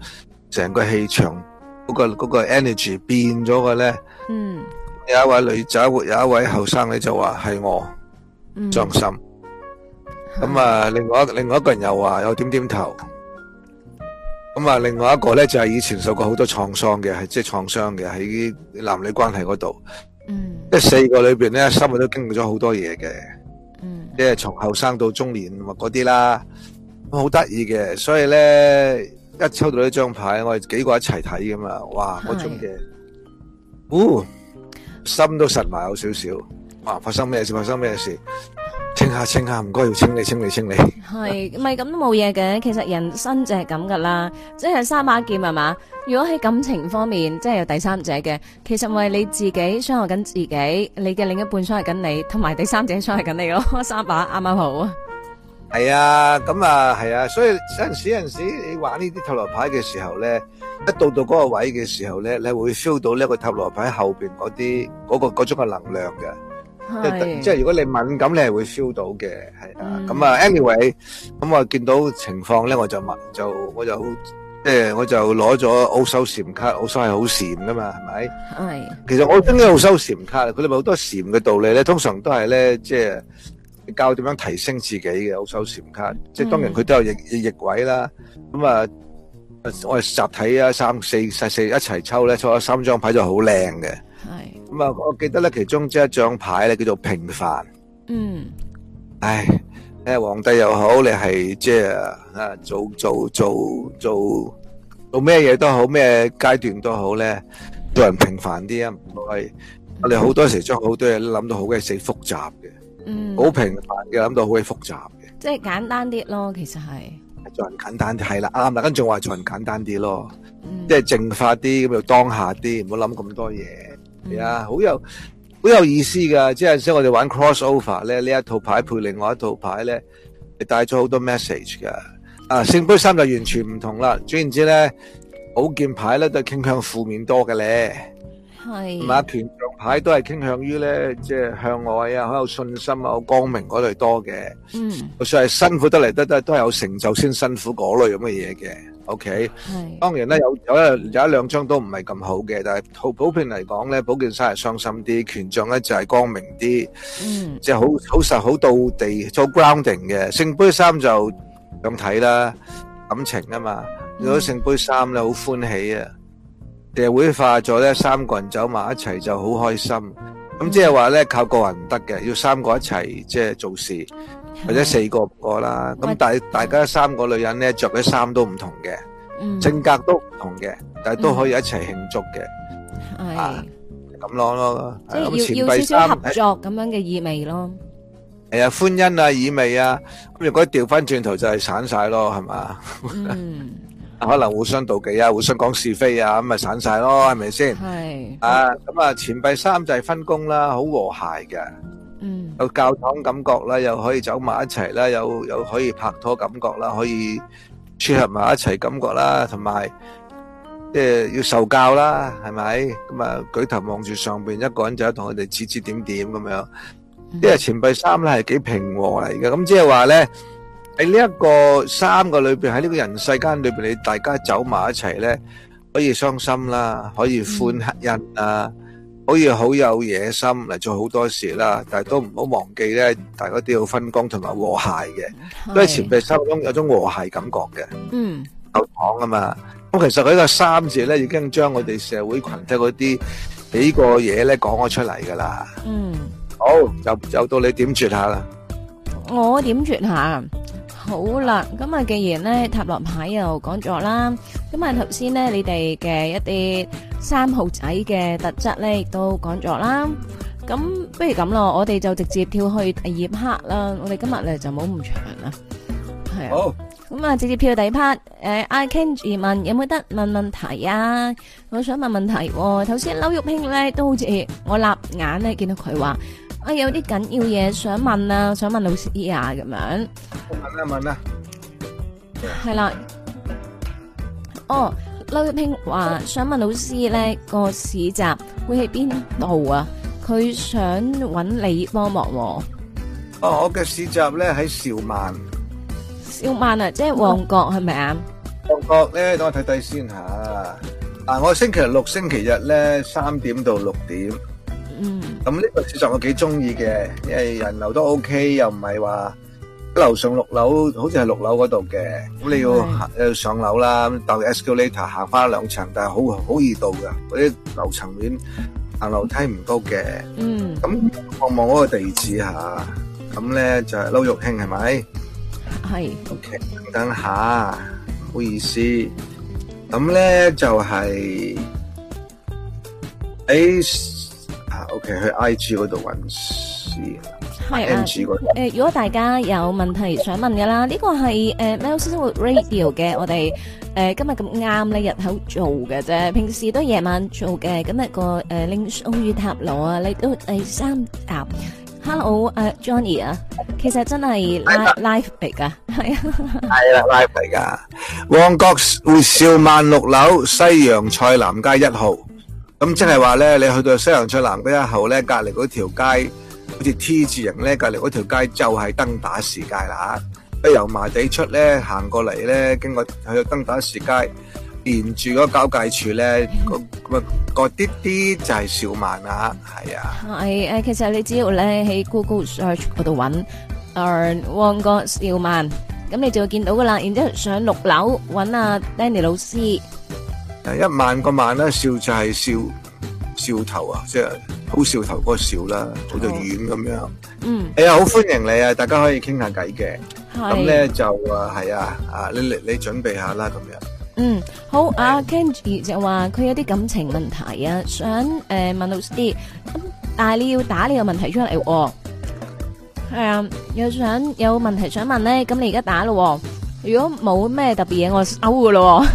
成個氣場嗰個嗰個 energy 變咗嘅咧？嗯。有一位女仔，或有一位後生咧，就話係我傷心。咁啊、嗯，另外另外一個人又話，又點點頭。咁啊，另外一個咧就係、是、以前受過好多創傷嘅，係即係創傷嘅喺男女關係嗰度。嗯，即係四個裏邊咧，生活都經歷咗好多嘢嘅。嗯，即係從後生到中年嗰啲啦，好得意嘅。所以咧，一抽到呢張牌，我哋幾個一齊睇㗎嘛。哇，嗰種嘅，嗚的～、哦心都實埋有少少，哇！發生咩事？發生咩事？清下清下，唔該要清理清理清理。係咪咁都冇嘢嘅？其實人生就係咁噶啦，即係三把劍係嘛。如果喺感情方面，即係有第三者嘅，其實咪係你自己傷害緊自己，你嘅另一半傷害緊你，同埋第三者傷害緊你咯，三把啱啱好啊。係啊，咁啊係啊，所以有陣時有陣時你玩呢啲塔羅牌嘅時候咧。一到到嗰個位嘅時候咧，你會 feel 到呢個塔羅牌後邊嗰啲嗰個嗰種嘅能量嘅，即係如果你敏感，你係會 feel 到嘅，係啊。咁啊，anyway，咁啊見到情況咧，我就問，就我就好，即係我就攞咗奧修禪卡，奧修係好禪噶嘛，係咪？係。其實我真係奧修禪卡，佢哋咪好多禪嘅道理咧，通常都係咧，即係教點樣提升自己嘅奧修禪卡。即係當然佢都有逆逆位啦，咁啊。我哋集體啊，三四四、四一齊抽咧，抽咗三張牌就好靚嘅。係咁啊！我記得咧，其中之一張牌咧叫做平凡。嗯，唉，皇帝又好，你係即係啊，做做做做做咩嘢都好，咩階段都好咧，做人平凡啲啊！唔係、嗯、我哋好多時將好多嘢諗到好鬼死複雜嘅，嗯，好平凡嘅諗到好鬼複雜嘅，即係簡單啲咯，其實係。做人簡單啲係啦，啱啦，跟住話做人簡單啲咯，mm hmm. 即係淨化啲，咁就當下啲，唔好諗咁多嘢，係啊，好有好有意思㗎。即係嗰時我哋玩 cross over 咧，呢一套牌配另外一套牌咧，係帶咗好多 message 㗎。啊，聖杯三就完全唔同啦，總言之咧，寶劍牌咧都傾向負面多嘅咧。係，嗱是，權杖牌都係傾向於咧，即、就、係、是、向外啊，好有信心啊，好光明嗰類多嘅。嗯，就算係辛苦得嚟，都得都係有成就先辛苦嗰類咁嘅嘢嘅。O K，係，當然咧有有，有一有一兩張都唔係咁好嘅，但係普遍嚟講咧，寶劍三係傷心啲，權杖咧就係光明啲。嗯，即係好好實好到地做 grounding 嘅。聖杯三就咁睇啦，感情啊嘛，如果聖杯三咧好歡喜啊。嗯社會化咗咧，三個人走埋一齊就好開心。咁即係話咧，靠個人唔得嘅，要三個一齊即係做事，的或者四個不過啦。咁但係大家三個女人咧，着嘅衫都唔同嘅，性、嗯、格都唔同嘅，但係都可以一齊慶祝嘅。係咁樣咯，即係要要少少合作咁樣嘅意味咯。係啊，歡欣啊，意味啊，咁如果調翻轉頭就係散晒咯，係嘛？嗯。可能互相妒忌啊，互相講是非啊，咁咪散晒咯，係咪先？係啊，咁啊，錢幣三就係分工啦，好和諧嘅，有教堂感覺啦，又可以走埋一齊啦，有又可以拍拖感覺啦，可以撮合埋一齊感覺啦，同埋即係要受教啦，係咪？咁啊，舉頭望住上邊，一個人就同佢哋指指點點咁樣，因為錢幣三咧係幾平和嚟嘅，咁即係話咧。喺呢一個三個裏邊，喺呢個人世間裏邊，你大家走埋一齊咧，可以傷心啦，可以歡欣啊，可以好有野心嚟做好多事啦。但係都唔好忘記咧，大家都要分工同埋和諧嘅，因為前輩心中有種和諧感覺嘅。嗯，有講啊嘛。咁其實佢個三字咧，已經將我哋社會群體嗰啲幾個嘢咧講咗出嚟噶啦。嗯，好，就就到你點絕下啦。我點絕下？好啦，咁啊，既然咧塔羅牌又講咗啦，咁啊頭先咧你哋嘅一啲三號仔嘅特質咧亦都講咗啦，咁不如咁咯，我哋就直接跳去第二 part 啦，我哋今日咧就冇咁長啦，係啊，好，咁啊直接跳第二 part，誒，阿 Ken 住問有冇得問問題啊？我想問問題，頭先劉玉卿咧都好似我立眼咧見到佢話。我、啊、有啲緊要嘢想問啊，想問老師呀、啊，咁樣。問啦問啊，係啦。哦，劉玉平話想問老師咧， 個市集會喺邊度啊？佢想揾你幫忙、啊。哦，我嘅市集咧喺兆萬。兆萬啊，即係旺角係咪啊？ 吧旺角咧，等我睇睇先吓。啊，我星期六、星期日咧，三點到六點。嗯，咁呢個選擇我幾中意嘅，因為人流都 O K，又唔係話樓上六樓，好似係六樓嗰度嘅，咁你要誒上樓啦，搭 escalator 行翻兩層，但係好好易到噶，嗰啲樓層面行樓梯唔高嘅。嗯，咁望望嗰個地址吓，咁咧就係撈玉慶係咪？係。OK，等下，唔好意思，咁咧就係喺。O.K. 去 I.G. 嗰度揾先，係 M.G. 嗰度。誒，如果大家有問題想問嘅啦，呢個係誒喵式生活 Radio 嘅。我哋誒今日咁啱咧日頭做嘅啫，平時都夜晚做嘅。咁一個誒靈數與塔羅啊，你都誒第三集。Hello，誒 Johnny 啊，其實真係 live 嚟噶，係啊，係啦，live 嚟噶。旺角匯兆萬六樓，西洋菜南街一號。咁即係話咧，你去到西洋菜南街一號咧，隔籬嗰條街好似 T 字形咧，隔籬嗰條街就係登打士街啦。由麻地出咧，行過嚟咧，經過去到登打士街，連住嗰個交界處咧，咁啊，過啲啲就係兆萬啦。係啊，係誒，其實你只要咧喺 Google Search 嗰度搵，啊，旺角兆萬，咁你就會見到噶啦。然之後上六樓搵阿 Danny 老師。一萬個萬啦，笑就係笑笑頭啊，即係好笑頭嗰個笑啦，好就軟咁樣。嗯，哎呀，好歡迎你啊，大家可以傾下偈嘅。咁咧是、嗯、就啊，係啊，啊，你你你準備下啦，咁樣。嗯，好。阿、啊、Kenji 就話佢有啲感情問題啊，想誒、呃、問到啲，咁但係你要打呢個問題出嚟喎、哦。係啊，又想有問題想問咧，咁你而家打咯、哦。如果冇咩特別嘢，我 out 噶咯。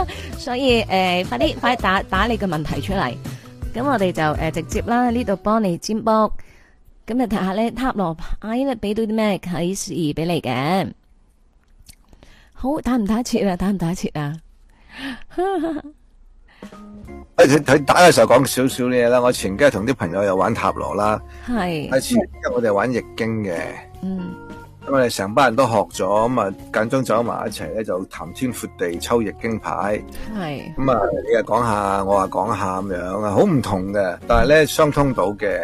所以誒、呃，快啲快點打打你嘅問題出嚟，咁我哋就誒、呃、直接啦，呢度幫你占卜，咁嚟睇下咧塔羅牌咧俾到啲咩啟示俾你嘅。好，打唔打得脫啊？打唔打得脫啊？佢 打嘅時候講少少嘢啦。我前幾日同啲朋友又玩塔羅啦，係是，係前幾日我哋玩易經嘅、嗯。嗯。我哋成班人都學咗咁啊，間中走埋一齊咧，就談天闊地，抽易經牌。係咁啊，你又講下，我話講下咁樣啊，好唔同嘅，但係咧相通到嘅。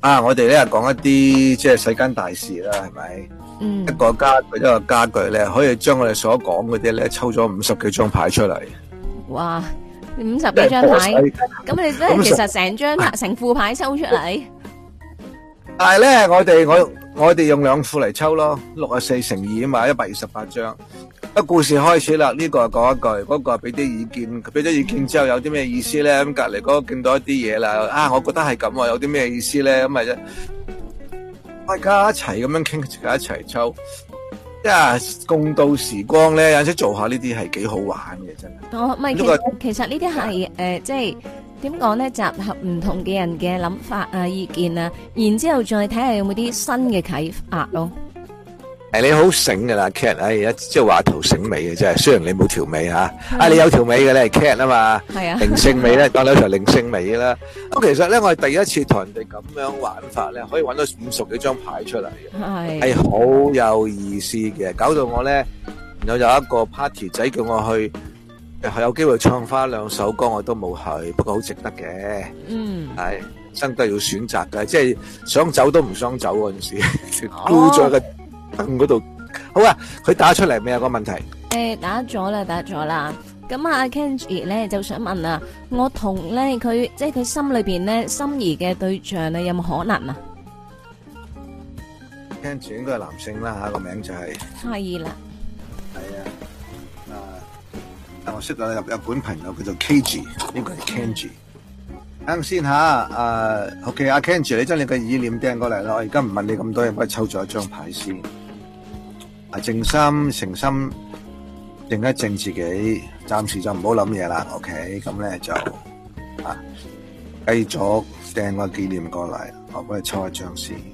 啊，我哋咧講一啲即係世間大事啦，係咪？嗯。一個家具一個家具咧，可以將我哋所講嗰啲咧，抽咗五十幾張牌出嚟。哇！五十幾張牌，咁你真係其實成張牌成副牌抽出嚟。但係咧，我哋我我哋用兩副嚟抽咯，六十四乘二啊嘛，一百二十八張。個故事開始啦，呢個講一句，嗰個俾啲意見，俾咗意見之後有啲咩意思咧？咁隔籬嗰個見到一啲嘢啦，啊，我覺得係咁啊，有啲咩意思咧？咁咪，大家一齊咁樣傾，大家一齊抽，即係共度時光咧，有啲做下呢啲係幾好玩嘅，真係。我咪呢個，其實呢啲係誒，即係。點講咧？集合唔同嘅人嘅諗法啊、意見啊，然之後再睇下有冇啲新嘅啟發咯。誒，你好醒噶啦，cat！哎呀，即係話頭醒尾嘅真係。雖然你冇條尾吓，啊你有條尾嘅，你係 cat 啊嘛。係啊。靈性尾咧，當你有條靈性尾啦。咁其實咧，我係第一次同人哋咁樣玩法咧，可以搵到五十幾張牌出嚟嘅，係好有意思嘅。搞到我咧，然後有有一個 party 仔叫我去。係有機會唱翻兩首歌，我都冇去，不過好值得嘅。嗯，係，真都係要選擇嘅，即係想走都唔想走嗰陣時，固在嘅嗰度。好啊，佢打出嚟未有個問題？誒，打咗啦，打咗啦。咁啊，Kenji 咧就想問啊，我同咧佢，即係佢心裏邊咧心儀嘅對象咧，有冇可能啊？Kenji 應該係男性啦，嚇個名就係係啦。係啊。我識到日日本朋友叫做 Kenji，呢個係 Kenji。啱先吓誒，OK，阿、啊、Kenji，你將你嘅意念掟過嚟啦。我而家唔問你咁多嘢，我幫你抽咗一張牌先。係靜心誠心，靜一靜自己，暫時就唔好諗嘢啦。OK，咁咧就啊，繼續掟個紀念過嚟，我幫你抽一張先。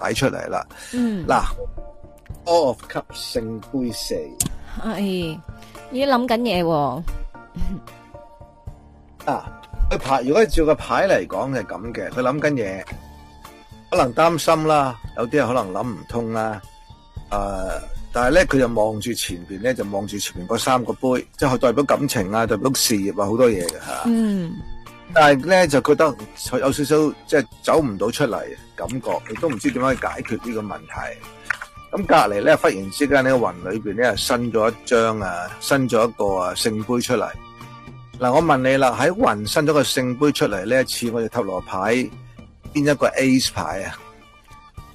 擺出嚟啦，嗱、嗯、Four of Cups 聖杯四，係、哎，而家諗緊嘢喎。 啊，佢牌如果照個牌嚟講係咁嘅，佢諗緊嘢，可能擔心啦，有啲人可能諗唔通啦，誒、呃，但係咧佢就望住前邊咧，就望住前邊嗰三個杯，即係代表感情啊，代表事業啊，好多嘢嘅吓。嗯。但係咧就覺得有少少即係、就是、走唔到出嚟感覺，亦都唔知點樣去解決呢個問題。咁隔籬咧忽然之間個雲裏邊咧伸咗一張啊，伸咗一個啊聖杯出嚟。嗱、啊，我問你啦，喺雲伸咗個聖杯出嚟咧，似我哋塔羅牌邊一個 Ace 牌、啊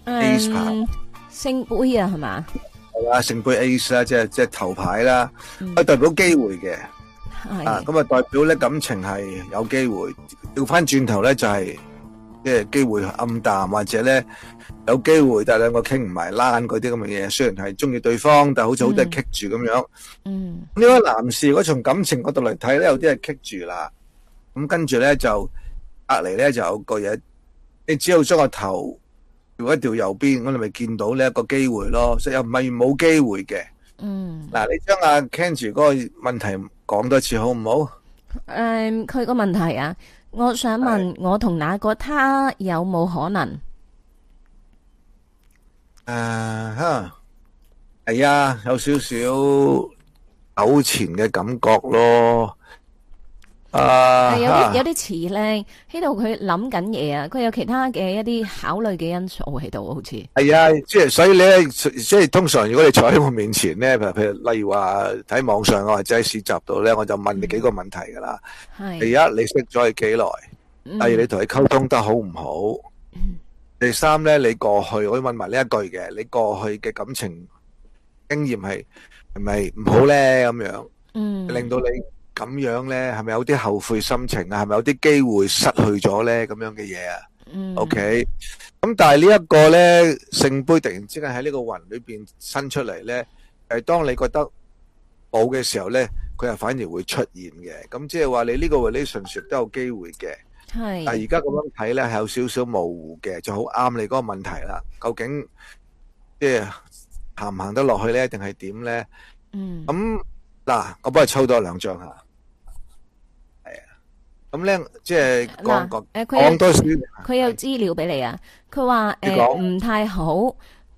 um, Ace 牌啊？Ace 牌聖杯啊，係嘛？係啊，聖杯 Ace 啦，即係即係頭牌啦，啊、嗯、代表機會嘅。啊，咁啊代表咧感情係有機會，調翻轉頭咧就係即係機會暗淡，或者咧有機會，但係兩個傾唔埋，冷嗰啲咁嘅嘢，雖然係中意對方，但係好似好多人棘住咁樣嗯。嗯，呢位男士如果從感情角度嚟睇咧，有啲係棘住啦。咁、嗯嗯、跟住咧就，隔籬咧就有個嘢，你只要將個頭調一調右邊，咁你咪見到呢一個機會咯。所以又唔係冇機會嘅。嗯。嗱、啊，你將阿 Kenzie 嗰個問題。講多次好唔好？誒、嗯，佢個問題啊，我想問是我同那個他有冇可能？誒、啊，吓係啊，有少少糾纏嘅感覺咯。誒，係、uh, 有啲有啲呢咧，喺度佢諗緊嘢啊，佢有其他嘅一啲考慮嘅因素喺度，好似係啊，即係所以咧，即係通常如果你坐喺我面前咧，譬如譬如例如話喺網上啊，或者喺市集度咧，我就問你幾個問題噶啦。係是。第一，你識咗佢幾耐？第二，你同佢溝通得好唔好？嗯、第三咧，你過去，我要問埋呢一句嘅，你過去嘅感情經驗係係咪唔好咧？咁樣嗯，令到你。咁樣咧，係咪有啲後悔心情啊？係咪有啲機會失去咗咧？咁樣嘅嘢啊？嗯。O K。咁但係呢一個咧，聖杯突然之間喺呢個雲裏邊伸出嚟咧，誒，當你覺得冇嘅時候咧，佢係反而會出現嘅。咁即係話你呢個 relationship 都有機會嘅。係。但係而家咁樣睇咧，係有少少模糊嘅，就好啱你嗰個問題啦。究竟即係行唔行得落去咧？定係點咧？嗯。咁嗱，我幫佢抽多兩張吓。咁咧，即係講講講多少？佢有資料俾你啊！佢話誒唔太好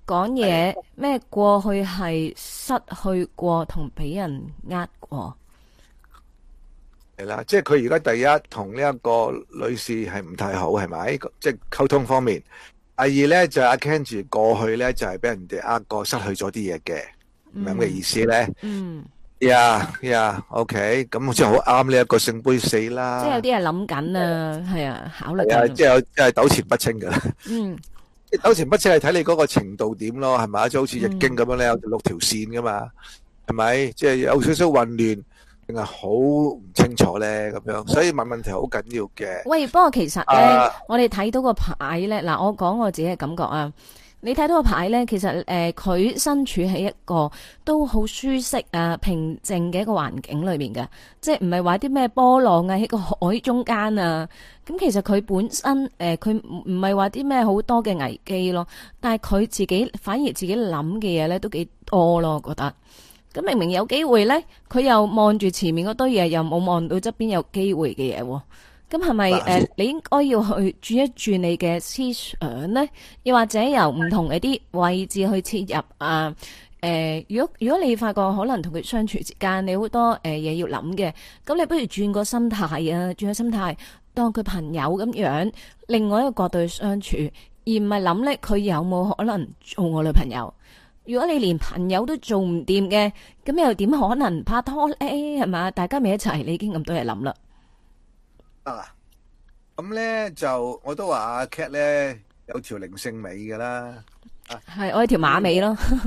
講嘢，咩的過去係失去過同俾人呃過。係啦，即係佢而家第一同呢一個女士係唔太好，係咪？即係溝通方面。第二咧就是、阿 Ken 住過去咧就係、是、俾人哋呃過，失去咗啲嘢嘅，係咪咁嘅意思咧？嗯。呀呀，OK，咁即係好啱呢一個聖杯四啦。即係有啲係諗緊啊，係啊，考慮緊。即係即係糾纏不清噶啦。嗯，糾纏不清係睇你嗰個程度點咯，係咪？即係好似易經咁樣咧，有六條線噶嘛，係咪？即係有少少混亂，定係好唔清楚咧？咁樣，所以問問題好緊要嘅。喂，不過其實咧，我哋睇到個牌咧，嗱，我講我自己嘅感覺啊。你睇到個牌呢，其實誒，佢、呃、身處喺一個都好舒適啊平靜嘅一個環境裏面嘅，即係唔係話啲咩波浪喺、啊、個海中間啊。咁其實佢本身誒，佢唔係話啲咩好多嘅危機咯。但係佢自己反而自己諗嘅嘢呢都幾多咯，我覺得。咁明明有機會呢，佢又望住前面嗰堆嘢，又冇望到側邊有機會嘅嘢喎。咁係咪誒？你應該要去轉一轉你嘅思想呢？又或者由唔同嘅啲位置去切入啊？誒、呃，如果如果你發覺可能同佢相處之間，你好多誒嘢、呃、要諗嘅，咁你不如轉個心態啊，轉個心態，當佢朋友咁樣，另外一個角度去相處，而唔係諗呢，佢有冇可能做我女朋友？如果你連朋友都做唔掂嘅，咁又點可能拍拖呢？係咪啊，大家咪一齊，你已經咁多嘢諗啦。得啦，咁咧、啊嗯、就我都話阿 cat 咧有條靈性尾嘅啦，係我係條馬尾咯、嗯，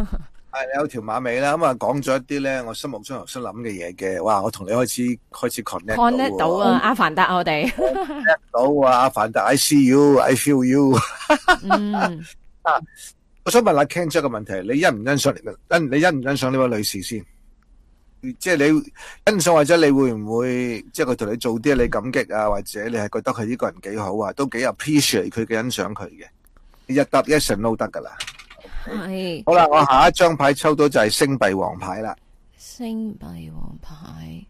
係、啊、有條馬尾啦。咁啊講咗一啲咧，我心目中頭先諗嘅嘢嘅，哇！我同你開始開始 connect，看得到啊，嗯、阿凡達我哋，睇得到啊，阿凡達，I see you，I feel you。嗯、 啊，我想問阿 Kenzie 個問題，你欣唔欣賞你欣你欣唔欣賞呢位女士先？即係你欣賞，或者你會唔會即係佢同你做啲你感激啊，或者你係覺得佢呢個人幾好啊，都幾 appreciate 佢嘅，欣賞佢嘅。一搭一順都得噶啦。係是。好啦，我下一張牌抽到就係星幣王牌啦。星幣王牌。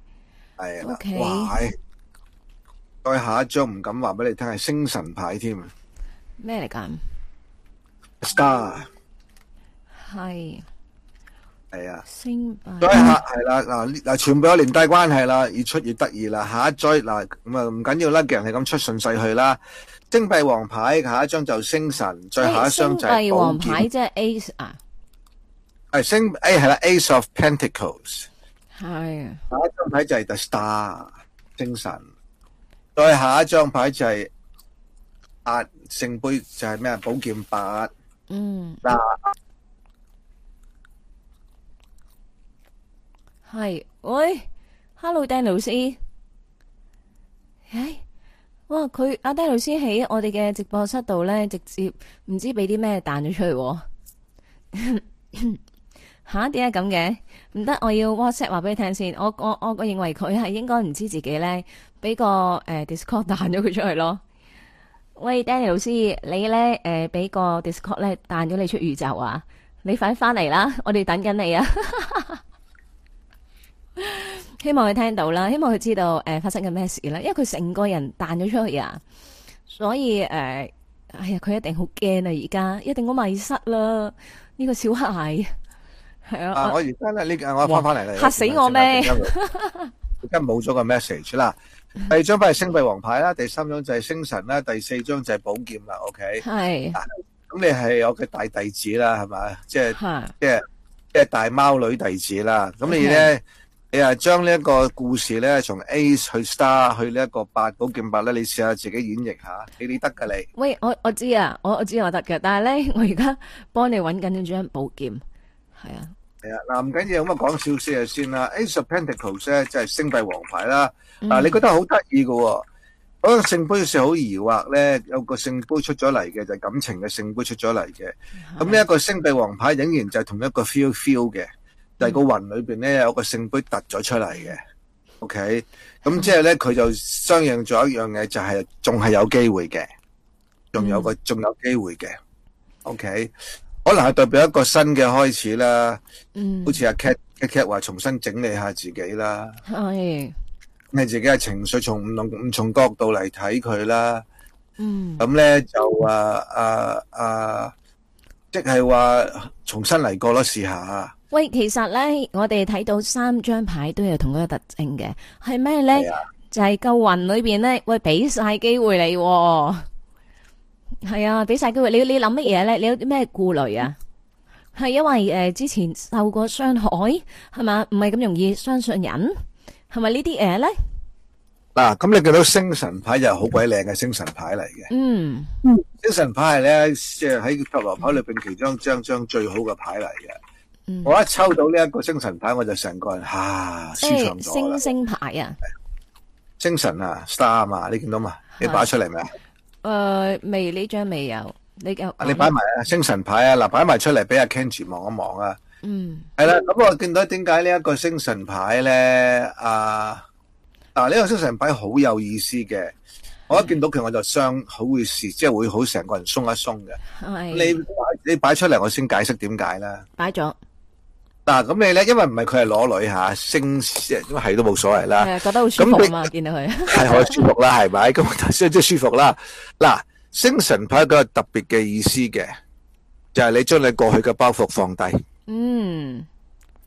係啦、啊。O Okay K。再下一張唔敢話俾你聽係星神牌添。咩嚟㗎？Star。係。係啊，星下係啦嗱嗱，全部有連帶關係啦，越出越得意啦。下一追，嗱咁啊，唔緊要啦，嘅人係咁出順勢去啦。金幣王牌下一張就星神，再下一張就寶劍。金幣王牌即係 A 啊，係星 A 係啦，Ace of Pentacles。係。下一張牌就係 The Star，星神。再下一張牌就係阿聖杯就係咩啊，寶劍八。8, 嗯。嗱 Star,、嗯。係喂 Hello Danny 老師，哎、欸，哇，佢阿 Danny 老師喺我哋嘅直播室度咧，直接唔知俾啲咩彈咗出去，吓點解咁嘅？唔得，我要 WhatsApp 話俾你聽先。我我我認為佢係應該唔知自己咧，俾個誒、呃、Discord 彈咗佢出去咯。喂 Danny 老師，你咧誒俾個 Discord 咧彈咗你出宇宙啊？你快翻嚟啦，我哋等緊你啊！ 希望佢聽到啦，希望佢知道誒、呃、發生緊咩事啦，因為佢成個人彈咗出去啊，所以誒、呃，哎呀，佢一定好驚啊而家，一定好迷失啦，呢、這個小黑蟹係啊，我而家咧呢，這個、我翻翻嚟嚇死我咩？而家冇咗個 message 啦，第二張牌係星幣王牌啦，第三張就係星神啦，第四張就係寶劍啦，OK 係是，咁、啊、你係我嘅大弟子啦，係咪？即係即係即係大貓女弟子啦，咁你咧？你係將呢一個故事咧，從 Ace 去 Star 去呢一個八寶劍八咧，你試下自己演繹吓，你得噶你？喂，我我知，我我知我我啊，我我知我得㗎。但係咧，我而家幫你揾緊呢張寶劍，係啊，係啊，嗱唔緊要，咁啊講少少啊先啦。Ace of Pentacles 咧，就係星幣王牌啦，嗱、嗯啊、你覺得好得意噶？嗰、那個聖杯是好疑惑咧，有個聖杯出咗嚟嘅，就係、感情嘅聖杯出咗嚟嘅，咁呢一個星幣王牌仍然就係同一個 fe feel feel 嘅。但係個雲裏邊咧有一個聖杯突咗出嚟嘅，OK，咁即係咧佢就相應咗一樣嘢，就係仲係有機會嘅，仲有個仲有機會嘅，OK，可能係代表一個新嘅開始啦，嗯，好似阿 Cat，Cat 話重新整理下自己啦，係，你自己嘅情緒從唔同唔同角度嚟睇佢啦，嗯，咁咧就啊啊啊，即係話重新嚟過咯，試下。喂，其實咧，我哋睇到三張牌都有同一個特徵嘅，係咩咧？就係救雲裏邊咧，喂，俾晒機會你，係啊，俾晒機會你。你諗乜嘢咧？你有啲咩顧慮啊？係因為誒，之前受過傷害，係嘛？唔係咁容易相信人，係咪呢啲嘢咧？嗱，咁你見到星神牌就係好鬼靚嘅星神牌嚟嘅，嗯嗯，星神牌係咧，即係喺塔羅牌裏邊其中一張張最好嘅牌嚟嘅。我一抽到呢一個星辰牌，我就成個人吓，舒暢咗啦。即係星星牌啊，星神啊，star 啊，你見到嘛？你擺出嚟未？啊？誒，未呢張未有，你擺你擺埋星辰牌啊！嗱，擺埋出嚟俾阿 Kenji 望一望啊！嗯，係啦。咁我見到點解呢一個星辰牌咧？啊，嗱，呢個星辰牌好有意思嘅。我一見到佢，我就相好會舒，即係會好成個人鬆一鬆嘅。你你擺出嚟，我先解釋點解啦。擺咗。.嗱咁、啊、你咧，因為唔係佢係裸女吓、啊，星神咁係都冇所謂啦。係啊，覺得好舒服嘛，你見到佢係好舒服啦，係咪？咁即係舒服啦。嗱、啊，星神牌有一個特別嘅意思嘅，就係、是、你將你過去嘅包袱放低。嗯，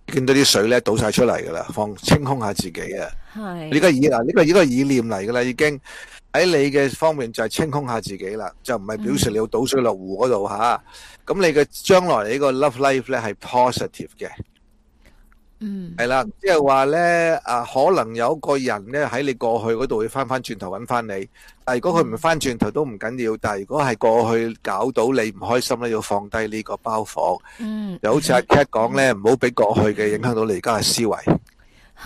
見到啲水咧倒晒出嚟噶啦，放清空下自己啊。係是，呢個意呢個呢個意念嚟噶啦，已經喺你嘅方面就係清空下自己啦，就唔係表示你要倒水落湖嗰度吓。咁、嗯啊、你嘅將來呢個 love life 咧係 positive 嘅。嗯，係啦，即係話咧，啊，可能有個人咧喺你過去嗰度會翻翻轉頭揾翻你，但係如果佢唔翻轉頭都唔緊要，但係如果係過去搞到你唔開心咧，要放低呢個包袱。嗯，就好似阿 Cat 講咧，唔好俾過去嘅影響到你而家嘅思維，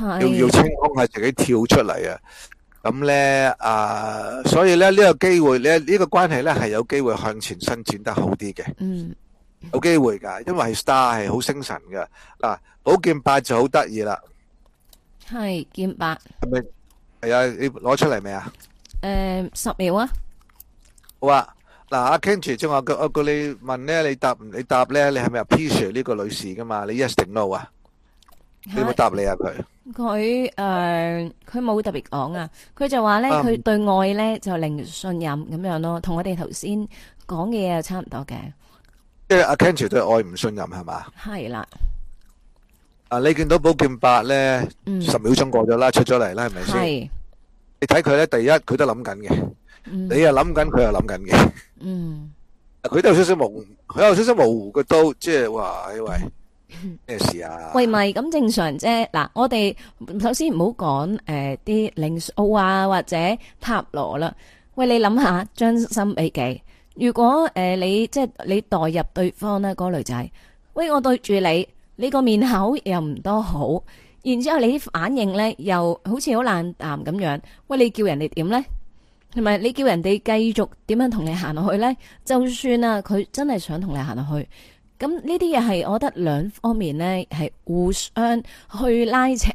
要要清空下自己跳出嚟啊！咁咧啊，所以咧呢個機會咧呢個關係咧係有機會向前伸展得好啲嘅。嗯，有機會噶，因為係 Star 係好精神嘅嗱。啊好劍八，就好得意啦，係劍八係咪係啊？你攞出嚟未啊？誒、呃、十秒啊！好啊。嗱、啊，阿 k e n t y，即我，我叫你問咧，你答你答咧，你係咪阿 p e a 呢個女士噶嘛？你 Yes or No 啊？你冇答你啊？佢佢誒，佢冇、呃、特別講啊。佢就話咧，佢對愛咧就零信任咁樣咯，同、嗯、我哋頭先講嘅嘢又差唔多嘅。因為阿 k e n t y 對愛唔信任係嘛？係啦。是啊！你見到寶劍八咧，十秒鐘過咗啦，出咗嚟啦，係咪先？係，你睇佢咧，第一佢都諗緊嘅，你又諗緊，佢又諗緊嘅。嗯，佢都有少少模，佢有少少模糊嘅刀，即係話喂，咩事啊？喂，咪咁正常啫。嗱，我哋首先唔好講誒，啲靈數啊，或者塔羅啦。喂，你諗下，將心比己。如果誒你即係你代入對方咧，嗰個女仔，喂，我對住你。你個面口又唔多好，然之後你啲反應呢又好似好冷淡咁樣。喂，你叫人哋點呢？同埋你叫人哋繼續點樣同你行落去呢？就算啦，佢真係想同你行落去，咁呢啲嘢係我覺得兩方面呢係互相去拉扯，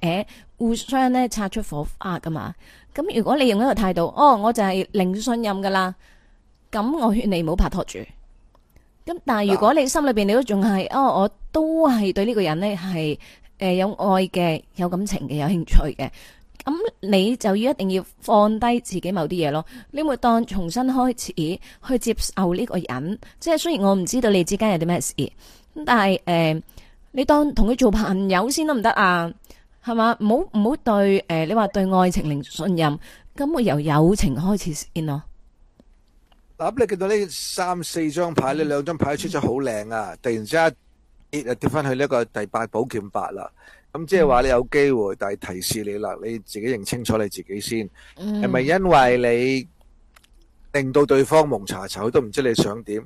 互相咧擦出火花噶嘛。咁如果你用呢個態度，哦，我就係零信任噶啦，咁我勸你唔好拍拖住。咁但係如果你心裏邊你都仲係哦，我都係對呢個人呢係誒有愛嘅、有感情嘅、有興趣嘅，咁你就要一定要放低自己某啲嘢咯。你咪當重新開始去接受呢個人，即係雖然我唔知道你之間有啲咩事，咁但係誒、呃，你當同佢做朋友先得唔得啊？係嘛，唔好唔好對誒、呃，你話對愛情零信任，咁我由友情開始先咯。嗱，你見到呢三四張牌，呢兩張牌出咗好靚啊！嗯、突然之間跌啊跌翻去呢個第八寶劍八啦。咁即係話你有機會，但係提示你啦，你自己認清楚你自己先，係咪、嗯、因為你令到對方蒙查查，都唔知你想點？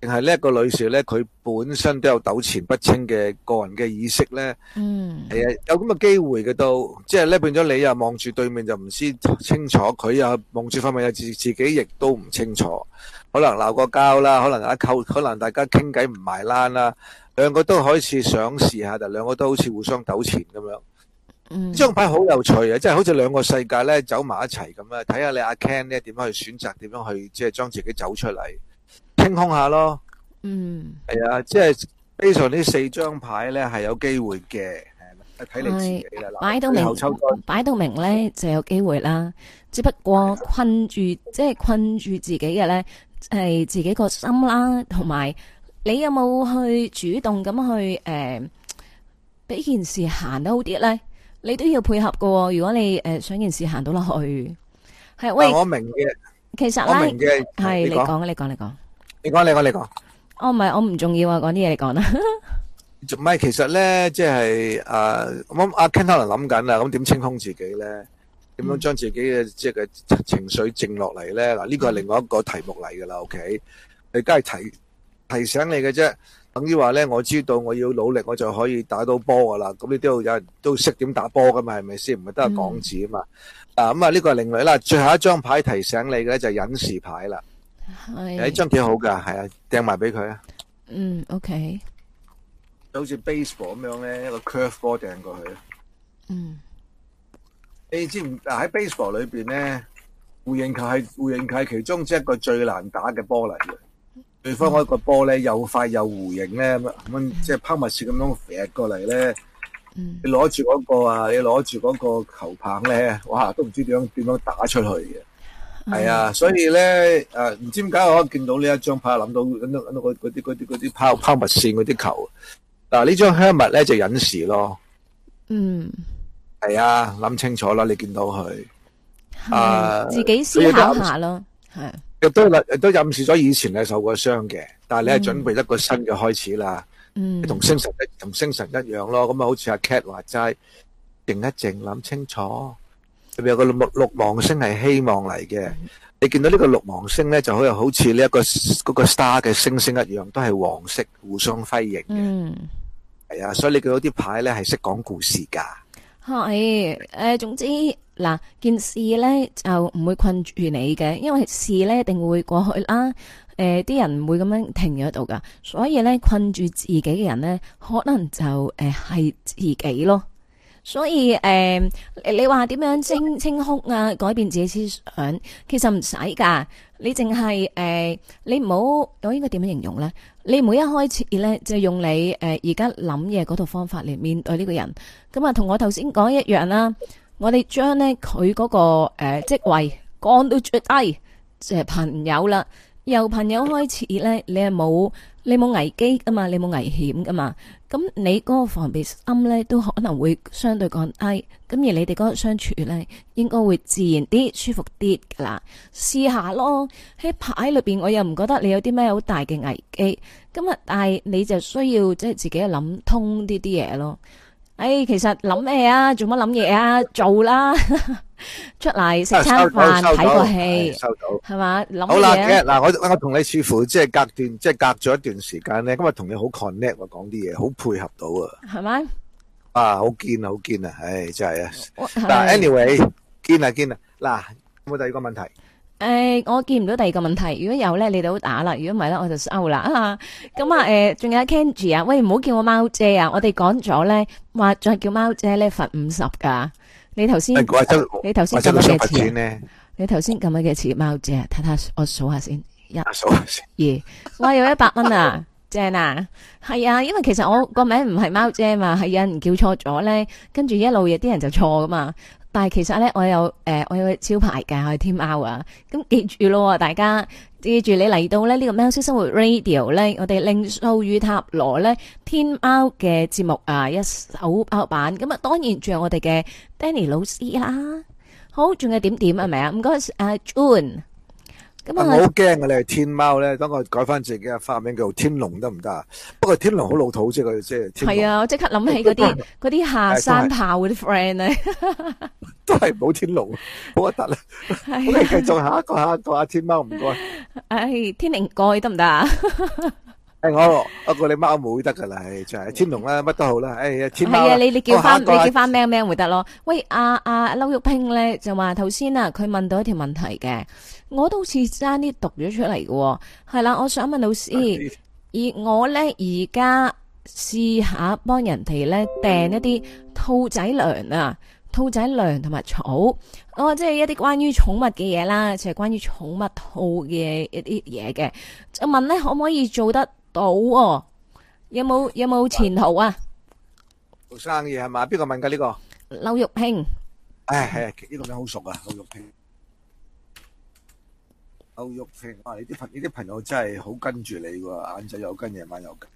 定係呢一個女士呢，佢本身都有糾纏不清嘅個人嘅意識呢。嗯、mm，係、hmm. 啊，有咁嘅機會嘅都，即係呢變咗你又望住對面就唔知清楚，佢又望住方面又自己自己亦都唔清楚。可能鬧過交啦，可能阿、啊、扣可能大家傾偈唔埋欄啦，兩個，個都好似想試下，但兩個都好似互相糾纏咁樣。嗯、mm，張、hmm. 牌好有趣啊，即係好似兩個世界呢走埋一齊咁啊！睇下你阿 Ken 呢點樣去選擇，點樣去即係將自己走出嚟。平空下咯，嗯，係啊，即係通常呢四張牌咧係有機會嘅，係睇是你自己啦，擺到明，擺到明咧就有機會啦。只不過困住，是的即係困住自己嘅咧，係自己個心啦，同埋你有冇去主動咁去誒，俾、呃、件事行得好啲咧？你都要配合㗎。如果你誒想件事行到落去，係喂是的，我明嘅。其實我明嘅，係，你講，你講，你講，你講，你講。我唔係，我唔重要啊！講啲嘢你講啦。唔係，其實咧，即係啊，我諗阿 Ken 可能諗緊啦。咁點清空自己咧？點樣將自己嘅即係嘅情緒靜落嚟咧？嗱，呢個係另外一個題目嚟㗎啦。OK，你梗係提提醒你嘅啫。等於話咧，我知道我要努力，我就可以打到波㗎啦。咁你都要有人都識點打波㗎嘛？係咪先？唔係得個講字啊嘛。嗱，咁啊，呢、這個係另類啦。最後一張牌提醒你嘅咧，就隱士牌啦。係。第一張幾好噶，係啊，掟埋俾佢啊。嗯，OK。就好似 baseball 咁樣咧，一個 curveball 掟過去。嗯。你知唔？喺 baseball 裏邊咧，弧形球係弧形球係其中一個最難打嘅波嚟嘅。嗯、對方開個波咧，又快又弧形咧，咁、嗯、即係拋物線咁樣劈過嚟咧。你攞住嗰個啊，你攞住個球棒咧，哇，都唔知點樣點樣打出去嘅。係、mm hmm. 啊，所以咧，誒，唔知點解我一見到呢一張牌，諗到嗰啲嗰啲嗰啲拋拋物線嗰啲球。嗱、啊，張 erm、呢張香物咧就隱士咯。嗯、mm。係、hmm. 啊，諗清楚啦，你見到佢。啊 mm hmm. 自己思考下咯，係、啊。亦、嗯、都亦都暗示咗以前你受過傷嘅，但係你係準備一個新嘅開始啦。Mm hmm. 嗯，同星神一同星神一樣咯，咁啊，好似阿 Cat 話齋，定一靜，諗清楚。入面有個六六芒星係希望嚟嘅，嗯、你見到呢個六芒星咧，就好有好似呢一個嗰個 star 嘅星星一樣，都係黃色互相輝映嘅。嗯，係啊，所以你見到啲牌咧係識講故事㗎。係，誒、呃，總之嗱件事咧就唔會困住你嘅，因為事咧一定會過去啦。誒，啲、呃、人唔會咁樣停喺度噶，所以咧，困住自己嘅人咧，可能就誒係、呃、自己咯。所以誒、呃，你話點樣清清空啊，改變自己思想，其實唔使噶。你淨係誒，你唔好，我應該點樣形容咧？你唔好一開始咧，就用你誒而家諗嘢嗰套方法嚟面對呢個人。咁、嗯、啊，同我頭先講一樣啦。我哋將咧佢嗰個誒職、呃、位降到最低，即、呃、係朋友啦。由朋友開始呢，你係冇你冇危機噶嘛，你冇危險噶嘛，咁你嗰個防備心呢，都可能會相對降低，咁而你哋嗰個相處呢，應該會自然啲、舒服啲噶啦，試下咯。喺牌裏面我又唔覺得你有啲咩好大嘅危機，咁啊，但係你就需要即係自己諗通呢啲嘢咯。哎，其實諗咩啊？做乜諗嘢啊？做啦，出嚟食餐飯睇個戲，收到，係嘛？諗嘢啊！嗱，我我同你似乎即係隔段，即係隔咗一段時間咧，今日同你好 connect 喎，講啲嘢好配合到啊，係咪？啊，好見啊，好見啊，唉，真係啊！嗱，anyway，見啊見啊，嗱，有冇第二個問題？誒、欸，我見唔到第二個問題，如果有咧，你好打啦；如果唔係咧，我就收啦。啊，咁、呃、啊，誒，仲有 Kenji 啊？喂，唔好叫我貓姐啊！我哋講咗咧，話再叫貓姐咧罰五十噶。你頭先、哎、你頭先咁樣嘅錢，呢你頭先咁樣嘅錢，貓姐，睇睇，我數下先，一，一下二，我有一百蚊啊， 正啊，係啊，因為其實我個名唔係貓姐啊嘛，係有人叫錯咗咧，跟住一路嘢啲人就錯噶嘛。但係其實咧，我有誒，我有招牌嘅，我係天喵啊。咁記住咯，大家記住你嚟到咧呢個喵式生活 Radio 咧，我哋靈數與塔羅咧天喵嘅節目啊，一手包辦。咁啊，當然仲有我哋嘅 Danny 老師啦。好，仲有點點係咪啊？唔該，誒，June。啊、我好驚嘅，你係天貓咧，等我改翻自己嘅花名叫天龍得唔得啊？不過天龍好老土，即係即係。係啊，我即刻諗起嗰啲嗰啲下山炮嗰啲 friend 咧，都係冇 天龍，好核突啦。你繼續下一個下一個下天貓唔該，唉，天靈蓋得唔得啊？ 誒，我不過你孖冇得噶啦，就係千龍啦，乜都好啦。誒，千龍係啊，你你叫翻你叫翻咩咩咪得咯？喂，阿阿阿劉玉平咧就話頭先啊，佢問到一條問題嘅，我都好似差啲讀咗出嚟嘅。係啦，我想問老師，而我咧而家試下幫人哋咧訂一啲兔仔糧啊，兔仔糧同埋草，我即係一啲關於寵物嘅嘢啦，就係關於寵物兔嘅一啲嘢嘅。就問咧，可唔可以做得？好哦，有冇有冇前途啊？做生意係嘛？邊個問嘅呢個？劉玉卿，哎係，呢個名你好熟啊，劉玉卿，劉玉卿，哇！你啲朋你啲朋友真係好跟住你喎，晏晝又跟，夜晚又跟。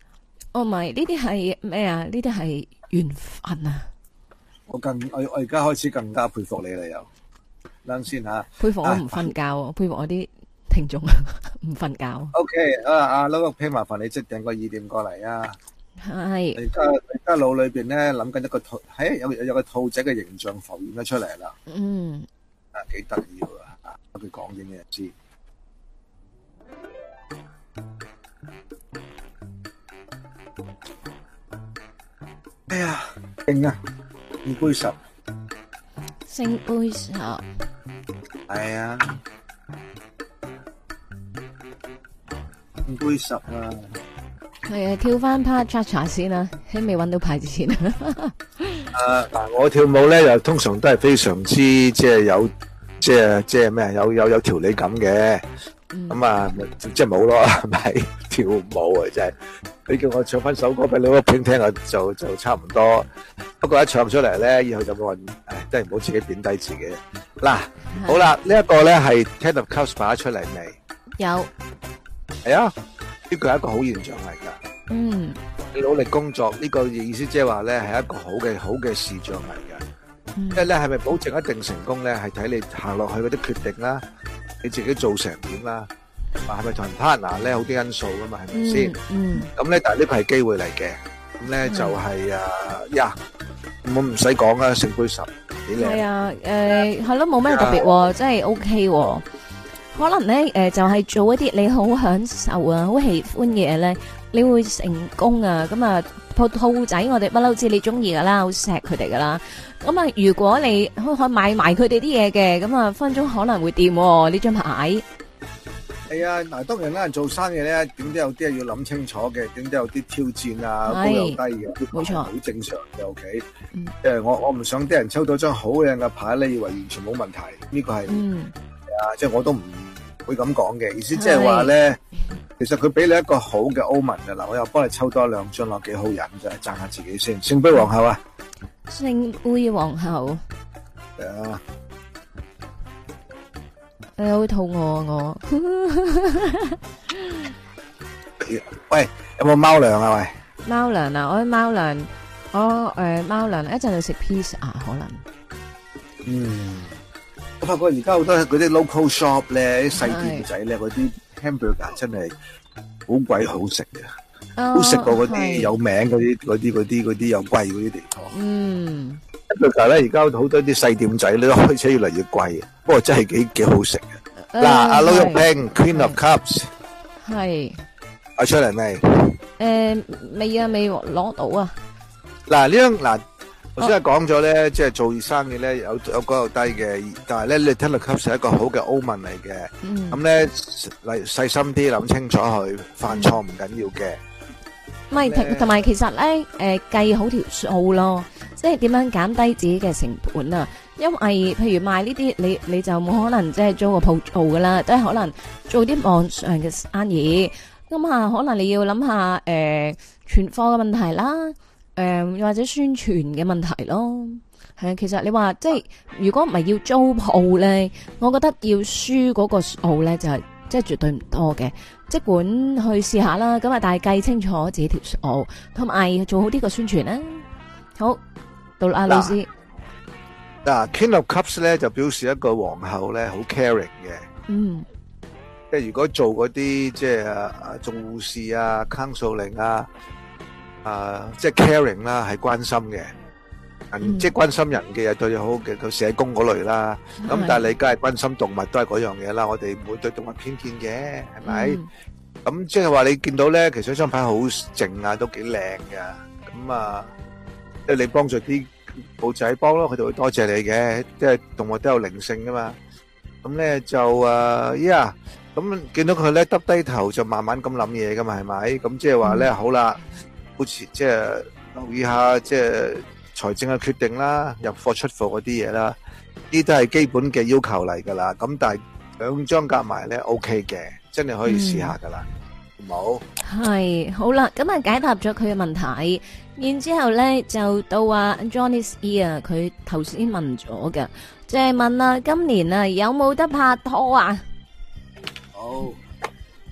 哦，唔係，呢啲係咩啊？呢啲係緣分啊！我更我我而家開始更加佩服你啦又，等先吓。佩服我唔瞓覺，佩服我啲。聽眾唔瞓覺。O K，阿阿 Lok，麻煩你即訂個意念過嚟啊。係。而家而家腦裏邊咧諗緊一個兔，係有有個兔仔嘅形象浮現咗出嚟啦。嗯。啊，幾得意喎！啊，我哋講緊嘅知。哎呀，勁啊！聖杯十，聖杯十。係啊。杯十啊，係啊，跳翻《Parachute》先啦、啊。喺未揾到牌之前啊。誒，嗱，我跳舞咧又通常都係非常之即係、就是、有，即係即係咩啊？有有有條理感嘅，咁啊、嗯，即係冇咯，係、就、咪、是？跳舞啊，真係。你叫我唱翻首歌俾你嗰伴聽，就就差唔多。不過一唱出嚟咧，以後就冇人。誒，真係唔好自己貶低自己。嗱、啊，的好啦，這個、呢一個咧係《Ten of Cups》拍出嚟未？有。係啊，呢個係一個好現象嚟噶。嗯，你努力工作呢個意思，即係話咧係一個好嘅好嘅現象嚟噶。即係咧係咪保證一定成功咧？係睇你行落去嗰啲決定啦，你自己做成點啦，啊係咪同 partner 咧好啲因素啊嘛？係咪先？嗯，咁咧但係呢個係機會嚟嘅，咁咧就係啊呀，我唔使講啦，聖杯十幾靚。係啊，誒係咯，冇咩特別，真係 OK。可能咧，誒，就係做一啲你好享受啊、好喜歡嘅嘢咧，你會成功啊！咁啊，兔兔仔，我哋不嬲知你中意噶啦，好錫佢哋噶啦。咁啊，如果你可可買埋佢哋啲嘢嘅，咁啊，分分鐘可能會掂呢張牌。係啊，嗱，當然啦，做生意咧，點都有啲係要諗清楚嘅，點都有啲挑戰啊，高又低嘅，冇錯，好正常嘅尤其。誒，我我唔想啲人抽到張好靚嘅牌你，以為完全冇問題，呢個係。啊！即係我都唔會咁講嘅，意思即係話咧，其實佢俾你一個好嘅 omen 嘅。嗱，我又幫你抽多兩樽落，幾好飲咋，讚下自己先。聖杯皇后啊，聖杯皇后，係啊，我又好肚餓我。喂，有冇貓糧啊？喂，貓糧啊！我啲貓糧，我誒貓糧一陣去食 pizza 可能，嗯。我發覺而家好多嗰啲 local shop 咧，啲細店仔咧，嗰啲 hamburger 真係好鬼好食嘅，好食過嗰啲有名嗰啲、嗰啲、嗰啲、嗰啲又貴嗰啲地方。嗯，但係咧，而家好多啲細店仔咧，開始越嚟越貴嘅，不過真係幾幾好食嘅。嗱，阿 Low Young Queen of Cups，係。阿 Charles 出嚟未？誒，未啊，未攞到啊。嗱，呢樣嗱。我先係講咗咧，即係做生意咧，有有高有低嘅，但係咧你聽落，其實一個好嘅 omen 嚟嘅。咁咧，嚟細心啲諗清楚佢犯錯唔緊要嘅。唔係同同埋其實咧，誒計好條數咯，即係點樣減低自己嘅成本啊？因為譬如賣呢啲，你你就冇可能即係租個鋪鋪噶啦，都係可能做啲網上嘅生意。咁啊，可能你要諗下誒存貨嘅問題啦。誒，um, 或者宣傳嘅問題咯，係啊，其實你話即係如果唔係要租鋪咧，我覺得要輸嗰個數咧就係即係絕對唔多嘅，即管去試下啦。咁啊，但係計清楚自己條數，同埋做好呢個宣傳啦。好，到阿老師嗱，King of Cups 咧就表示一個皇后咧好 caring 嘅，嗯，即係如果做嗰啲即係做護士啊、counseling 啊。啊，即係 caring 啦，係關心嘅，即係關心人嘅嘢，對好嘅個社工嗰類啦。咁但係你梗係關心動物，都係嗰樣嘢啦。我哋唔會對動物偏見嘅，係咪？咁即係話你見到咧，其實張牌好靜啊，都幾靚噶。咁啊，即係你幫助啲兔仔幫咯，佢就會多謝你嘅。即係動物都有靈性噶嘛。咁咧就啊，依啊，咁見到佢咧耷低頭，就慢慢咁諗嘢噶嘛，係咪？咁即係話咧，好啦。即係、就是、留意下，即係財政嘅決定啦，入貨出貨嗰啲嘢啦，呢啲都係基本嘅要求嚟噶啦。咁但係兩張夾埋咧，O K 嘅，真係可以試下噶啦、嗯好，好？係好啦，咁啊解答咗佢嘅問題，然之後咧就到啊，Johnny E 啊，佢頭先問咗嘅，就係、是、問啊，今年啊有冇得拍拖啊？好。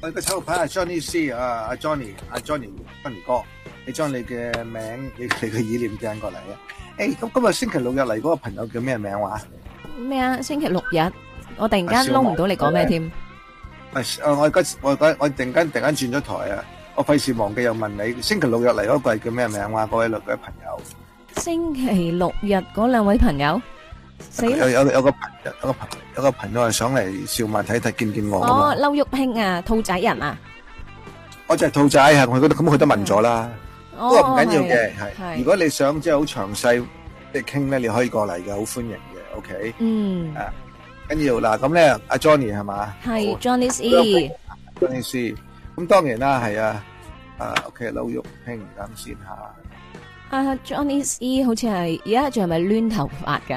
我嘅手牌係 Johnny C 啊，阿 Johnny，阿 Johnny 芬尼哥，你將你嘅名，你你嘅意念掟過嚟啊！誒，咁今日星期六日嚟嗰個朋友叫咩名話？咩啊？星期六日，我突然間撈唔到你講咩添？誒，我我我我突然間突然間轉咗台啊！我費事忘記又問你，星期六日嚟嗰位叫咩名話？嗰位兩位朋友，星期六日嗰兩位朋友。有有有個朋有個朋有個朋友係想嚟笑埋睇睇見見我。哦，嬲玉卿啊，兔仔人啊，我就係兔仔啊，佢覺得咁佢都問咗啦，不過唔緊要嘅，係。如果你想即係好詳細嚟傾咧，你可以過嚟嘅，好歡迎嘅，OK。嗯。啊，緊要嗱，咁咧阿 Johnny 係嘛？係 Johnny E。Johnny E。咁當然啦，係啊，啊 OK，嬲玉卿等先吓。阿、uh, Johnny C 好似係而家仲係咪攣頭髮噶？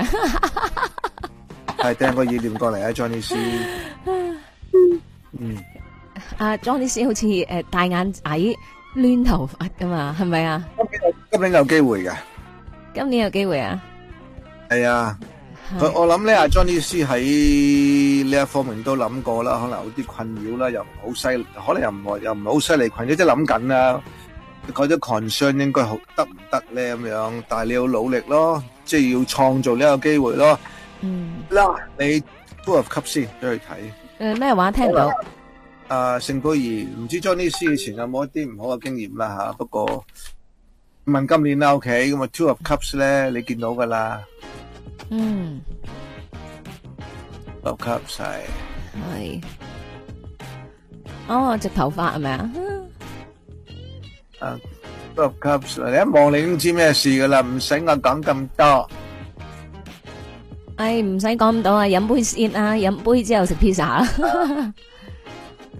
係 掟個意念過嚟啊 ，Johnny C。嗯，阿 Johnny C 好似誒、呃、大眼仔攣頭髮噶嘛，係咪啊？今年有機今年有機會嘅，今年有機會啊？係啊是，我我諗咧、啊、阿 Johnny C 喺呢一方面都諗過啦，可能有啲困擾啦，又唔好犀，可能又唔又唔好犀利，困擾即係諗緊啦。改咗 concern 應該好得唔得咧咁樣，但係你要努力咯，即係要創造呢個機會咯。嗯，嗱，你 two of cups 先出去睇。誒、嗯，咩話？聽唔到。吧啊，聖哥兒，唔知 Johnny C 以前有冇一啲唔好嘅經驗啦吓，不過問今年啦，OK，咁啊 two of cups 咧，你見到噶啦。嗯。入級晒。係。哦，直頭髮係咪啊？誒，都急晒，你一望你都知咩事噶啦，唔使我講咁多。哎，唔使講咁多啊，飲杯先啊，飲杯之後食 pizza。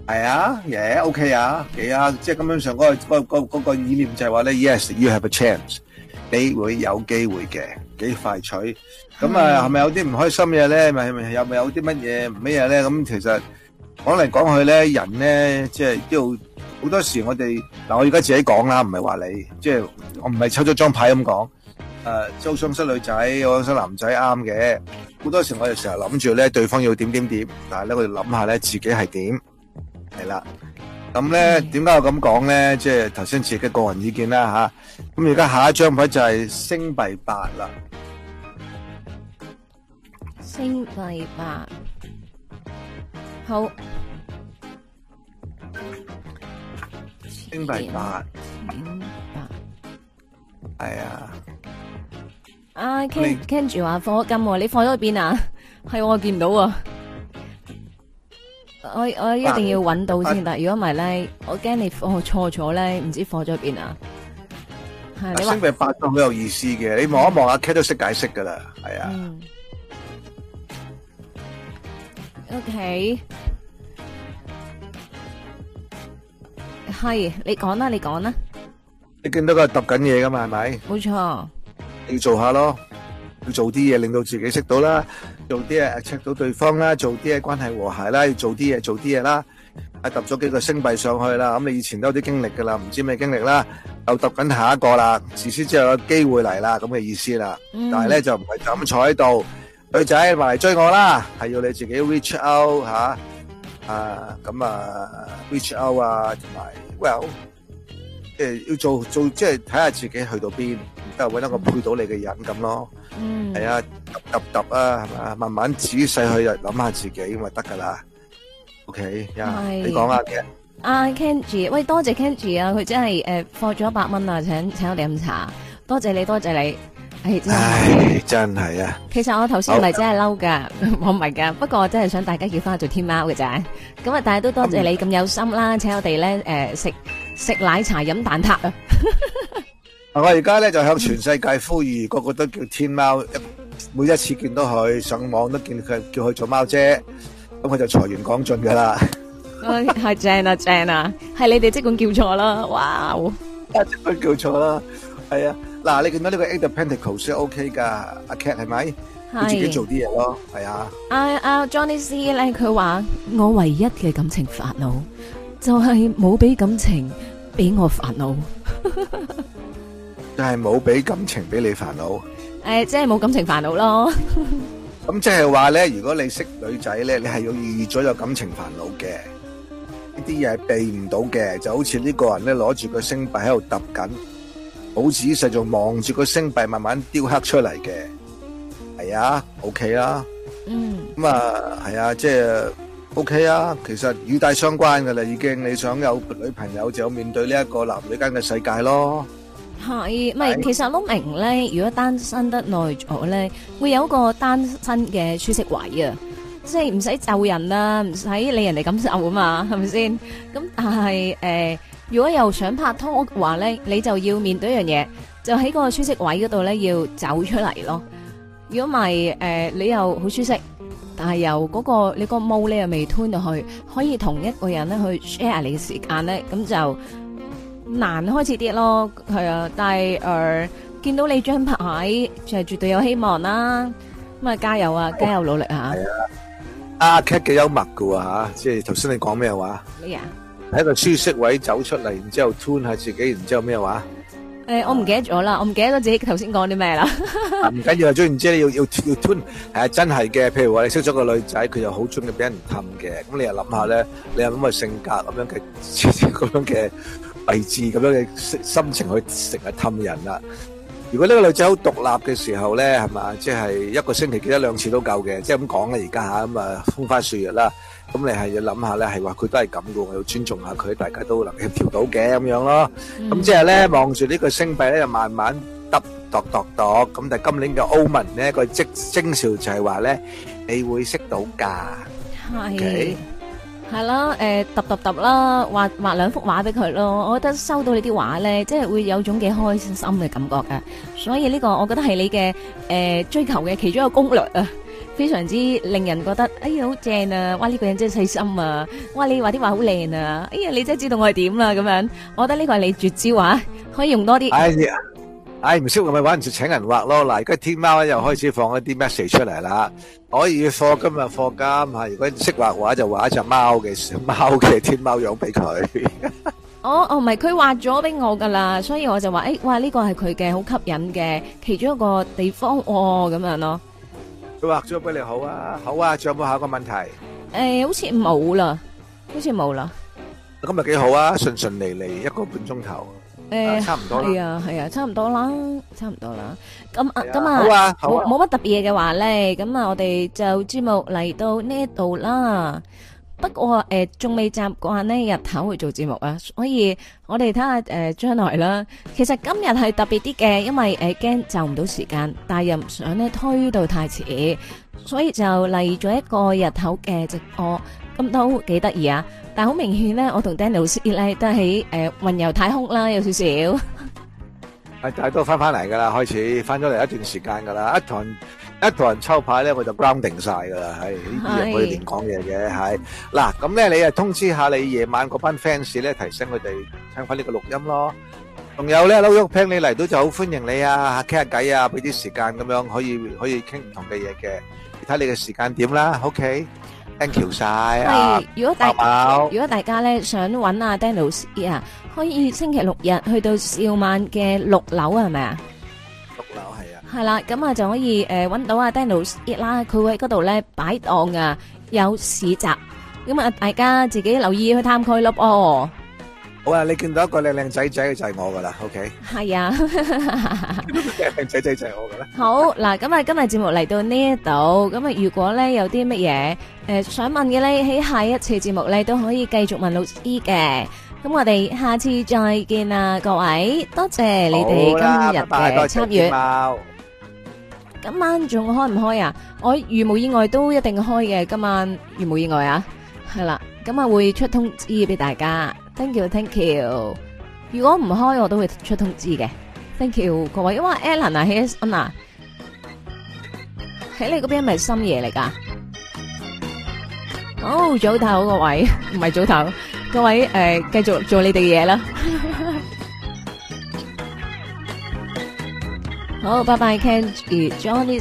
係啊，耶，OK 啊，幾啊，即係根本上嗰個嗰嗰嗰個意念就係話咧，Yes，you have a chance，你會有機會嘅，幾快取。咁啊，係咪有啲唔開心嘅嘢咧？咪咪有咪有啲乜嘢咩嘢咧？咁其實講嚟講去咧，人咧即係要。好多時我哋嗱，我而家自己講啦，唔係話你，即係我唔係抽咗張牌咁講。誒，周生生女仔，我生男仔啱嘅。好多時我哋成日諗住咧，對方要點點點，但係咧我哋諗下咧，自己係點係啦。咁咧，點解我咁講咧？即係頭先自己個人意見啦吓。咁而家下一張牌就係星幣八啦。星幣八，好。星幣八，係啊。阿、啊、你 Ken 住話放金、哦，你放咗去邊啊？係我見唔到啊！我我一定要揾到先。得、啊。如果唔係咧，我驚你放錯咗咧，唔知放咗邊啊？星幣、啊啊、八都好有意思嘅，你望一望阿 Ken 都識解釋噶啦，係、嗯、啊。啊嗯、o、Okay. k 係，你講啦，你講啦。你見到佢揼緊嘢噶嘛？係咪？冇錯。要做下咯，要做啲嘢令到自己識到啦，做啲嘢 check 到對方啦，做啲嘢關係和諧啦，要做啲嘢，做啲嘢啦。啊，揼咗幾個星幣上去啦，咁你以前都有啲經歷噶啦，唔知咩經歷啦，又揼緊下一個啦，自此之後有機會嚟啦，咁嘅意思啦。嗯。但係咧就唔係就咁坐喺度，女仔話嚟追我啦，係要你自己 reach out 吓。啊咁，啊 reach out 啊，同埋 well，即係要做做即係睇下自己去到邊，然之後揾一個配到你嘅人咁咯。嗯，係啊，揼揼啊，係嘛，慢慢仔細去諗下自己咪得噶啦。OK，呀，你講下嘅。阿 Kenji，喂，多謝 Kenji 啊，佢真係誒放咗一百蚊啊，請請我哋飲茶，多謝你，多謝你。唉，真係啊！其實我頭先唔係真係嬲噶，我唔係噶，不過我真係想大家叫翻去做天喵嘅啫。咁啊，但係都多謝你咁有心啦，請我哋咧誒食食奶茶飲蛋撻啊！我而家咧就向全世界呼籲，個個都叫天喵，每一次見到佢上網都見佢叫佢做喵姐，咁佢就財源廣進噶啦！係正啊，正啊，係你哋即管叫錯啦，哇！不知不覺錯啦，係啊。嗱，你見到呢個 Eight of Pentacles 嘅，OK 噶，阿 Cat 係咪？自己做啲嘢咯，係啊。阿阿 Johnny C 咧，佢話：我唯一嘅感情煩惱，就係冇俾感情俾我煩惱。但係冇俾感情俾你煩惱。誒，即係冇感情煩惱咯。咁即係話咧，如果你識女仔咧，你係要預咗有感情煩惱嘅，呢啲嘢避唔到嘅，就好似呢個人咧，攞住個星幣喺度揼緊。好仔細，仲望住個星幣慢慢雕刻出嚟嘅。係啊，OK 啦，嗯，咁啊係啊，即係 OK 啊，其實與大相關噶啦。已經你想有女朋友，就要面對呢一個男女間嘅世界咯。係，唔係，其實我都明咧，如果單身得耐咗咧，會有個單身嘅舒適位啊，即係唔使就人啦，唔使理人哋感受啊嘛，係咪先？咁但係誒。如果又想拍拖嘅話咧，你就要面對一樣嘢，就喺嗰個舒適位嗰度咧，要走出嚟咯。如果唔係誒，你又好舒適，但係、那個、又嗰個你個毛呢又未吞落去，可以同一個人咧去 share 你嘅時間咧，咁就難開始啲咯。係啊，但係誒、呃、見到你張牌就係、是、絕對有希望啦。咁啊加油啊，啊加油努力吓。係啊，阿 K 幾幽默噶喎吓，即係頭先你講咩話？咩啊？就是喺個舒適位走出嚟，然之後 turn 下自己，然之後咩話？誒，我唔記得咗啦，我唔記得咗自己頭先講啲咩啦。唔緊要啊，即唔知要要要 turn，係啊，真係嘅。譬如話你識咗個女仔，佢又好中意俾人氹嘅，咁你又諗下咧，你有咁嘅性格，咁樣嘅咁樣嘅位置，咁樣嘅心情去成日氹人啦。如果呢個女仔好獨立嘅時候咧，係嘛？即係一個星期見一兩次都夠嘅。即係咁講啦，而家吓咁啊，風花雪月啦。咁你係要諗下咧，係話佢都係咁嘅，我要尊重下佢，大家都能協調到嘅咁樣咯。咁即係咧，望住呢個星幣咧，就慢慢揼揼揼揼。咁但係今年嘅歐文咧，個跡徵兆就係話咧，你會識到㗎。係係啦，誒揼揼揼啦，畫畫兩幅畫俾佢咯。我覺得收到你啲畫咧，即係會有種幾開心嘅感覺嘅。所以呢個，我覺得係你嘅誒追求嘅其中一個攻略啊。非常之令人覺得哎呀好正啊！哇呢個人真係細心啊！哇你畫啲畫好靚啊！哎呀你真係知道我係點啦咁樣，我覺得呢個係你絕招啊！可以用多啲。哎呀，哎唔識畫咪搵人請人畫咯。嗱而家天貓又開始放一啲 message 出嚟啦，可以放今日放假吓，如果唔識畫畫就畫一隻貓嘅小貓嘅天貓樣俾佢。哦哦，唔係佢畫咗俾我噶啦，所以我就話誒，哇呢個係佢嘅好吸引嘅其中一個地方哦咁樣咯。佢畫咗俾你好啊，好啊，仲有冇下一個問題？誒，好似冇啦，好似冇啦。今日幾好啊，順順利利一個半鐘頭。誒，差唔多。係啊，係啊，差唔多啦，差唔多啦。咁啊，今日冇冇乜特別嘢嘅話咧，咁啊，我哋就節目嚟到呢一度啦。不過誒，仲未習慣咧，日頭會做節目啊，所以我哋睇下誒，將來啦。其實今日係特別啲嘅，因為誒驚就唔到時間，但係又唔想咧推到太遲，所以就嚟咗一個日頭嘅直播，咁都幾得意啊！但係好明顯咧，我同 Danny 老師咧都喺誒，雲遊太空啦，有少少。係，但係都翻翻嚟噶啦，開始翻咗嚟一段時間噶啦，一屯。一同人抽牌咧，我就 round 定曬噶啦，係呢啲人可以連講嘢嘅。係嗱咁咧，你啊通知下你夜晚嗰班 fans 咧，提醒佢哋聽翻呢個錄音咯，仲有咧撈咗 pen 你嚟到就好歡迎你啊，傾下偈啊，俾啲時間咁樣可以可以傾唔同嘅嘢嘅，睇你嘅時間點啦，OK，thank you 曬，係如果大如果大家咧想揾阿 Danny 老師啊，可以星期六日去到兆萬嘅六樓啊，係咪啊？係啦，咁啊就可以誒揾到阿 Danny 老師啦，佢會喺嗰度咧擺檔啊，有市集，咁啊大家自己留意去探佢囉哦。好啊，你見到一個靚靚仔仔就係我噶啦，OK。係啊，靚靚仔仔就係我噶啦。好嗱，咁啊今日節目嚟到呢一度，咁啊如果咧有啲乜嘢誒想問嘅咧，喺下一次節目咧都可以繼續問老師嘅。咁我哋下次再見啊，各位，多謝你哋今日嘅參與。今晚仲開唔開啊？我如無意外都一定開嘅，今晚如無意外啊，係啦，咁啊會出通知俾大家。Thank you，Thank you。You. 如果唔開我都會出通知嘅。Thank you 各位，因為 Alan 啊喺 Anna 喺你嗰邊係咪深夜嚟噶？哦，oh，早唞嗰位唔係早唞，各位誒，繼、 呃、續做你哋嘢啦。 好，拜拜，Candy，Johnny，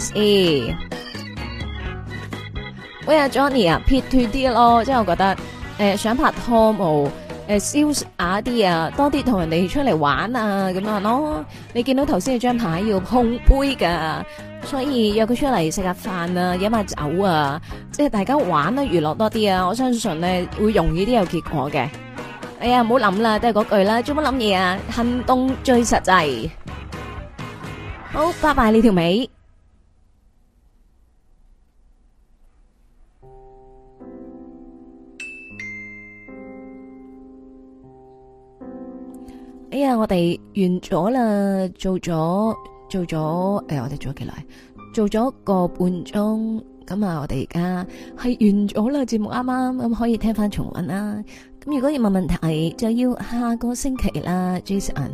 喂啊，Johnny 啊，撇脱啲咯，即係我覺得誒，想拍拖冇誒，瀟灑啲啊，多啲同人哋出嚟玩啊，咁樣咯。你見到頭先嘅張牌要碰杯噶所以約佢出嚟食下飯啊，飲下酒啊，即係大家玩啊，娛樂多啲啊，我相信咧會容易啲有結果嘅。哎呀，唔好諗啦，都係嗰句啦，做乜諗嘢啊？行動最實際。好，拜拜你條尾。哎呀，我哋完咗啦，做咗做咗。誒，我哋做咗幾耐？做咗個半鐘。咁啊，我哋而家係完咗啦，節目啱啱咁可以聽翻重温啦。咁如果要問問題，就要下個星期啦，Jason。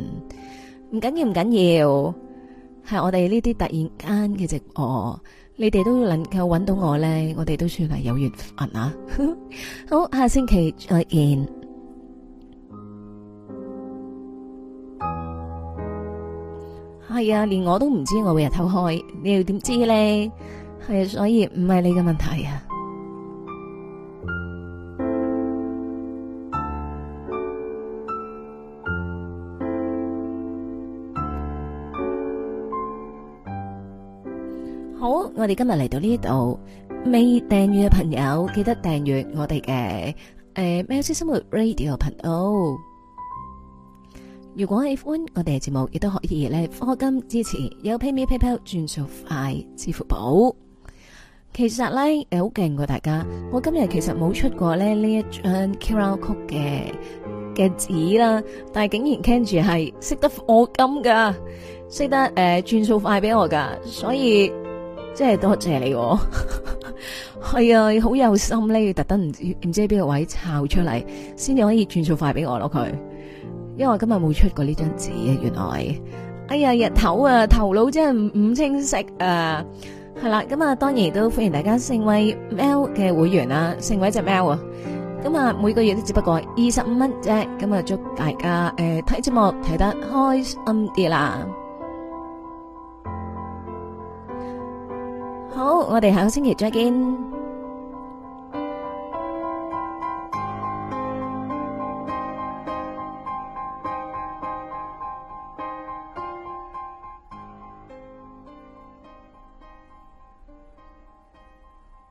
唔緊要，唔緊要。係我哋呢啲突然間嘅直播，你哋都能夠揾到我咧，我哋都算係有緣分啊！ 好，下星期再見。係 啊，連我，不道我都唔知我會日頭開，你要點知咧？係所以唔係你嘅問題啊！好、啊，我哋今日嚟到呢度未訂閱嘅朋友，記得訂閱我哋嘅誒《喵式生活 Radio》頻道。 如果喜歡我哋嘅節目，亦都可以月咧，課金支持有 PayMe PayPal 轉數快支付寶。其實咧誒，好勁噶，大家我今日其實冇出過咧呢這一張 QR code 嘅嘅紙啦，但係竟然 can 住係識得，金的得、呃、課金噶，識得誒轉數快俾我噶，所以。真係多謝，謝你、哦，係 啊，好有心咧，要特登唔唔知邊個位抄出嚟，先至可以轉數快俾我咯。佢，因為我今日冇出過呢張紙啊，原來，哎呀，日頭啊，頭腦真係唔唔清晰啊，係啦，咁啊，當然都歡迎大家成為貓嘅會員啦，成為一隻貓啊，咁啊，每個月都只不過二十五蚊啫，咁啊，祝大家誒睇節目睇得開心啲啦。好，我哋下個星期再見。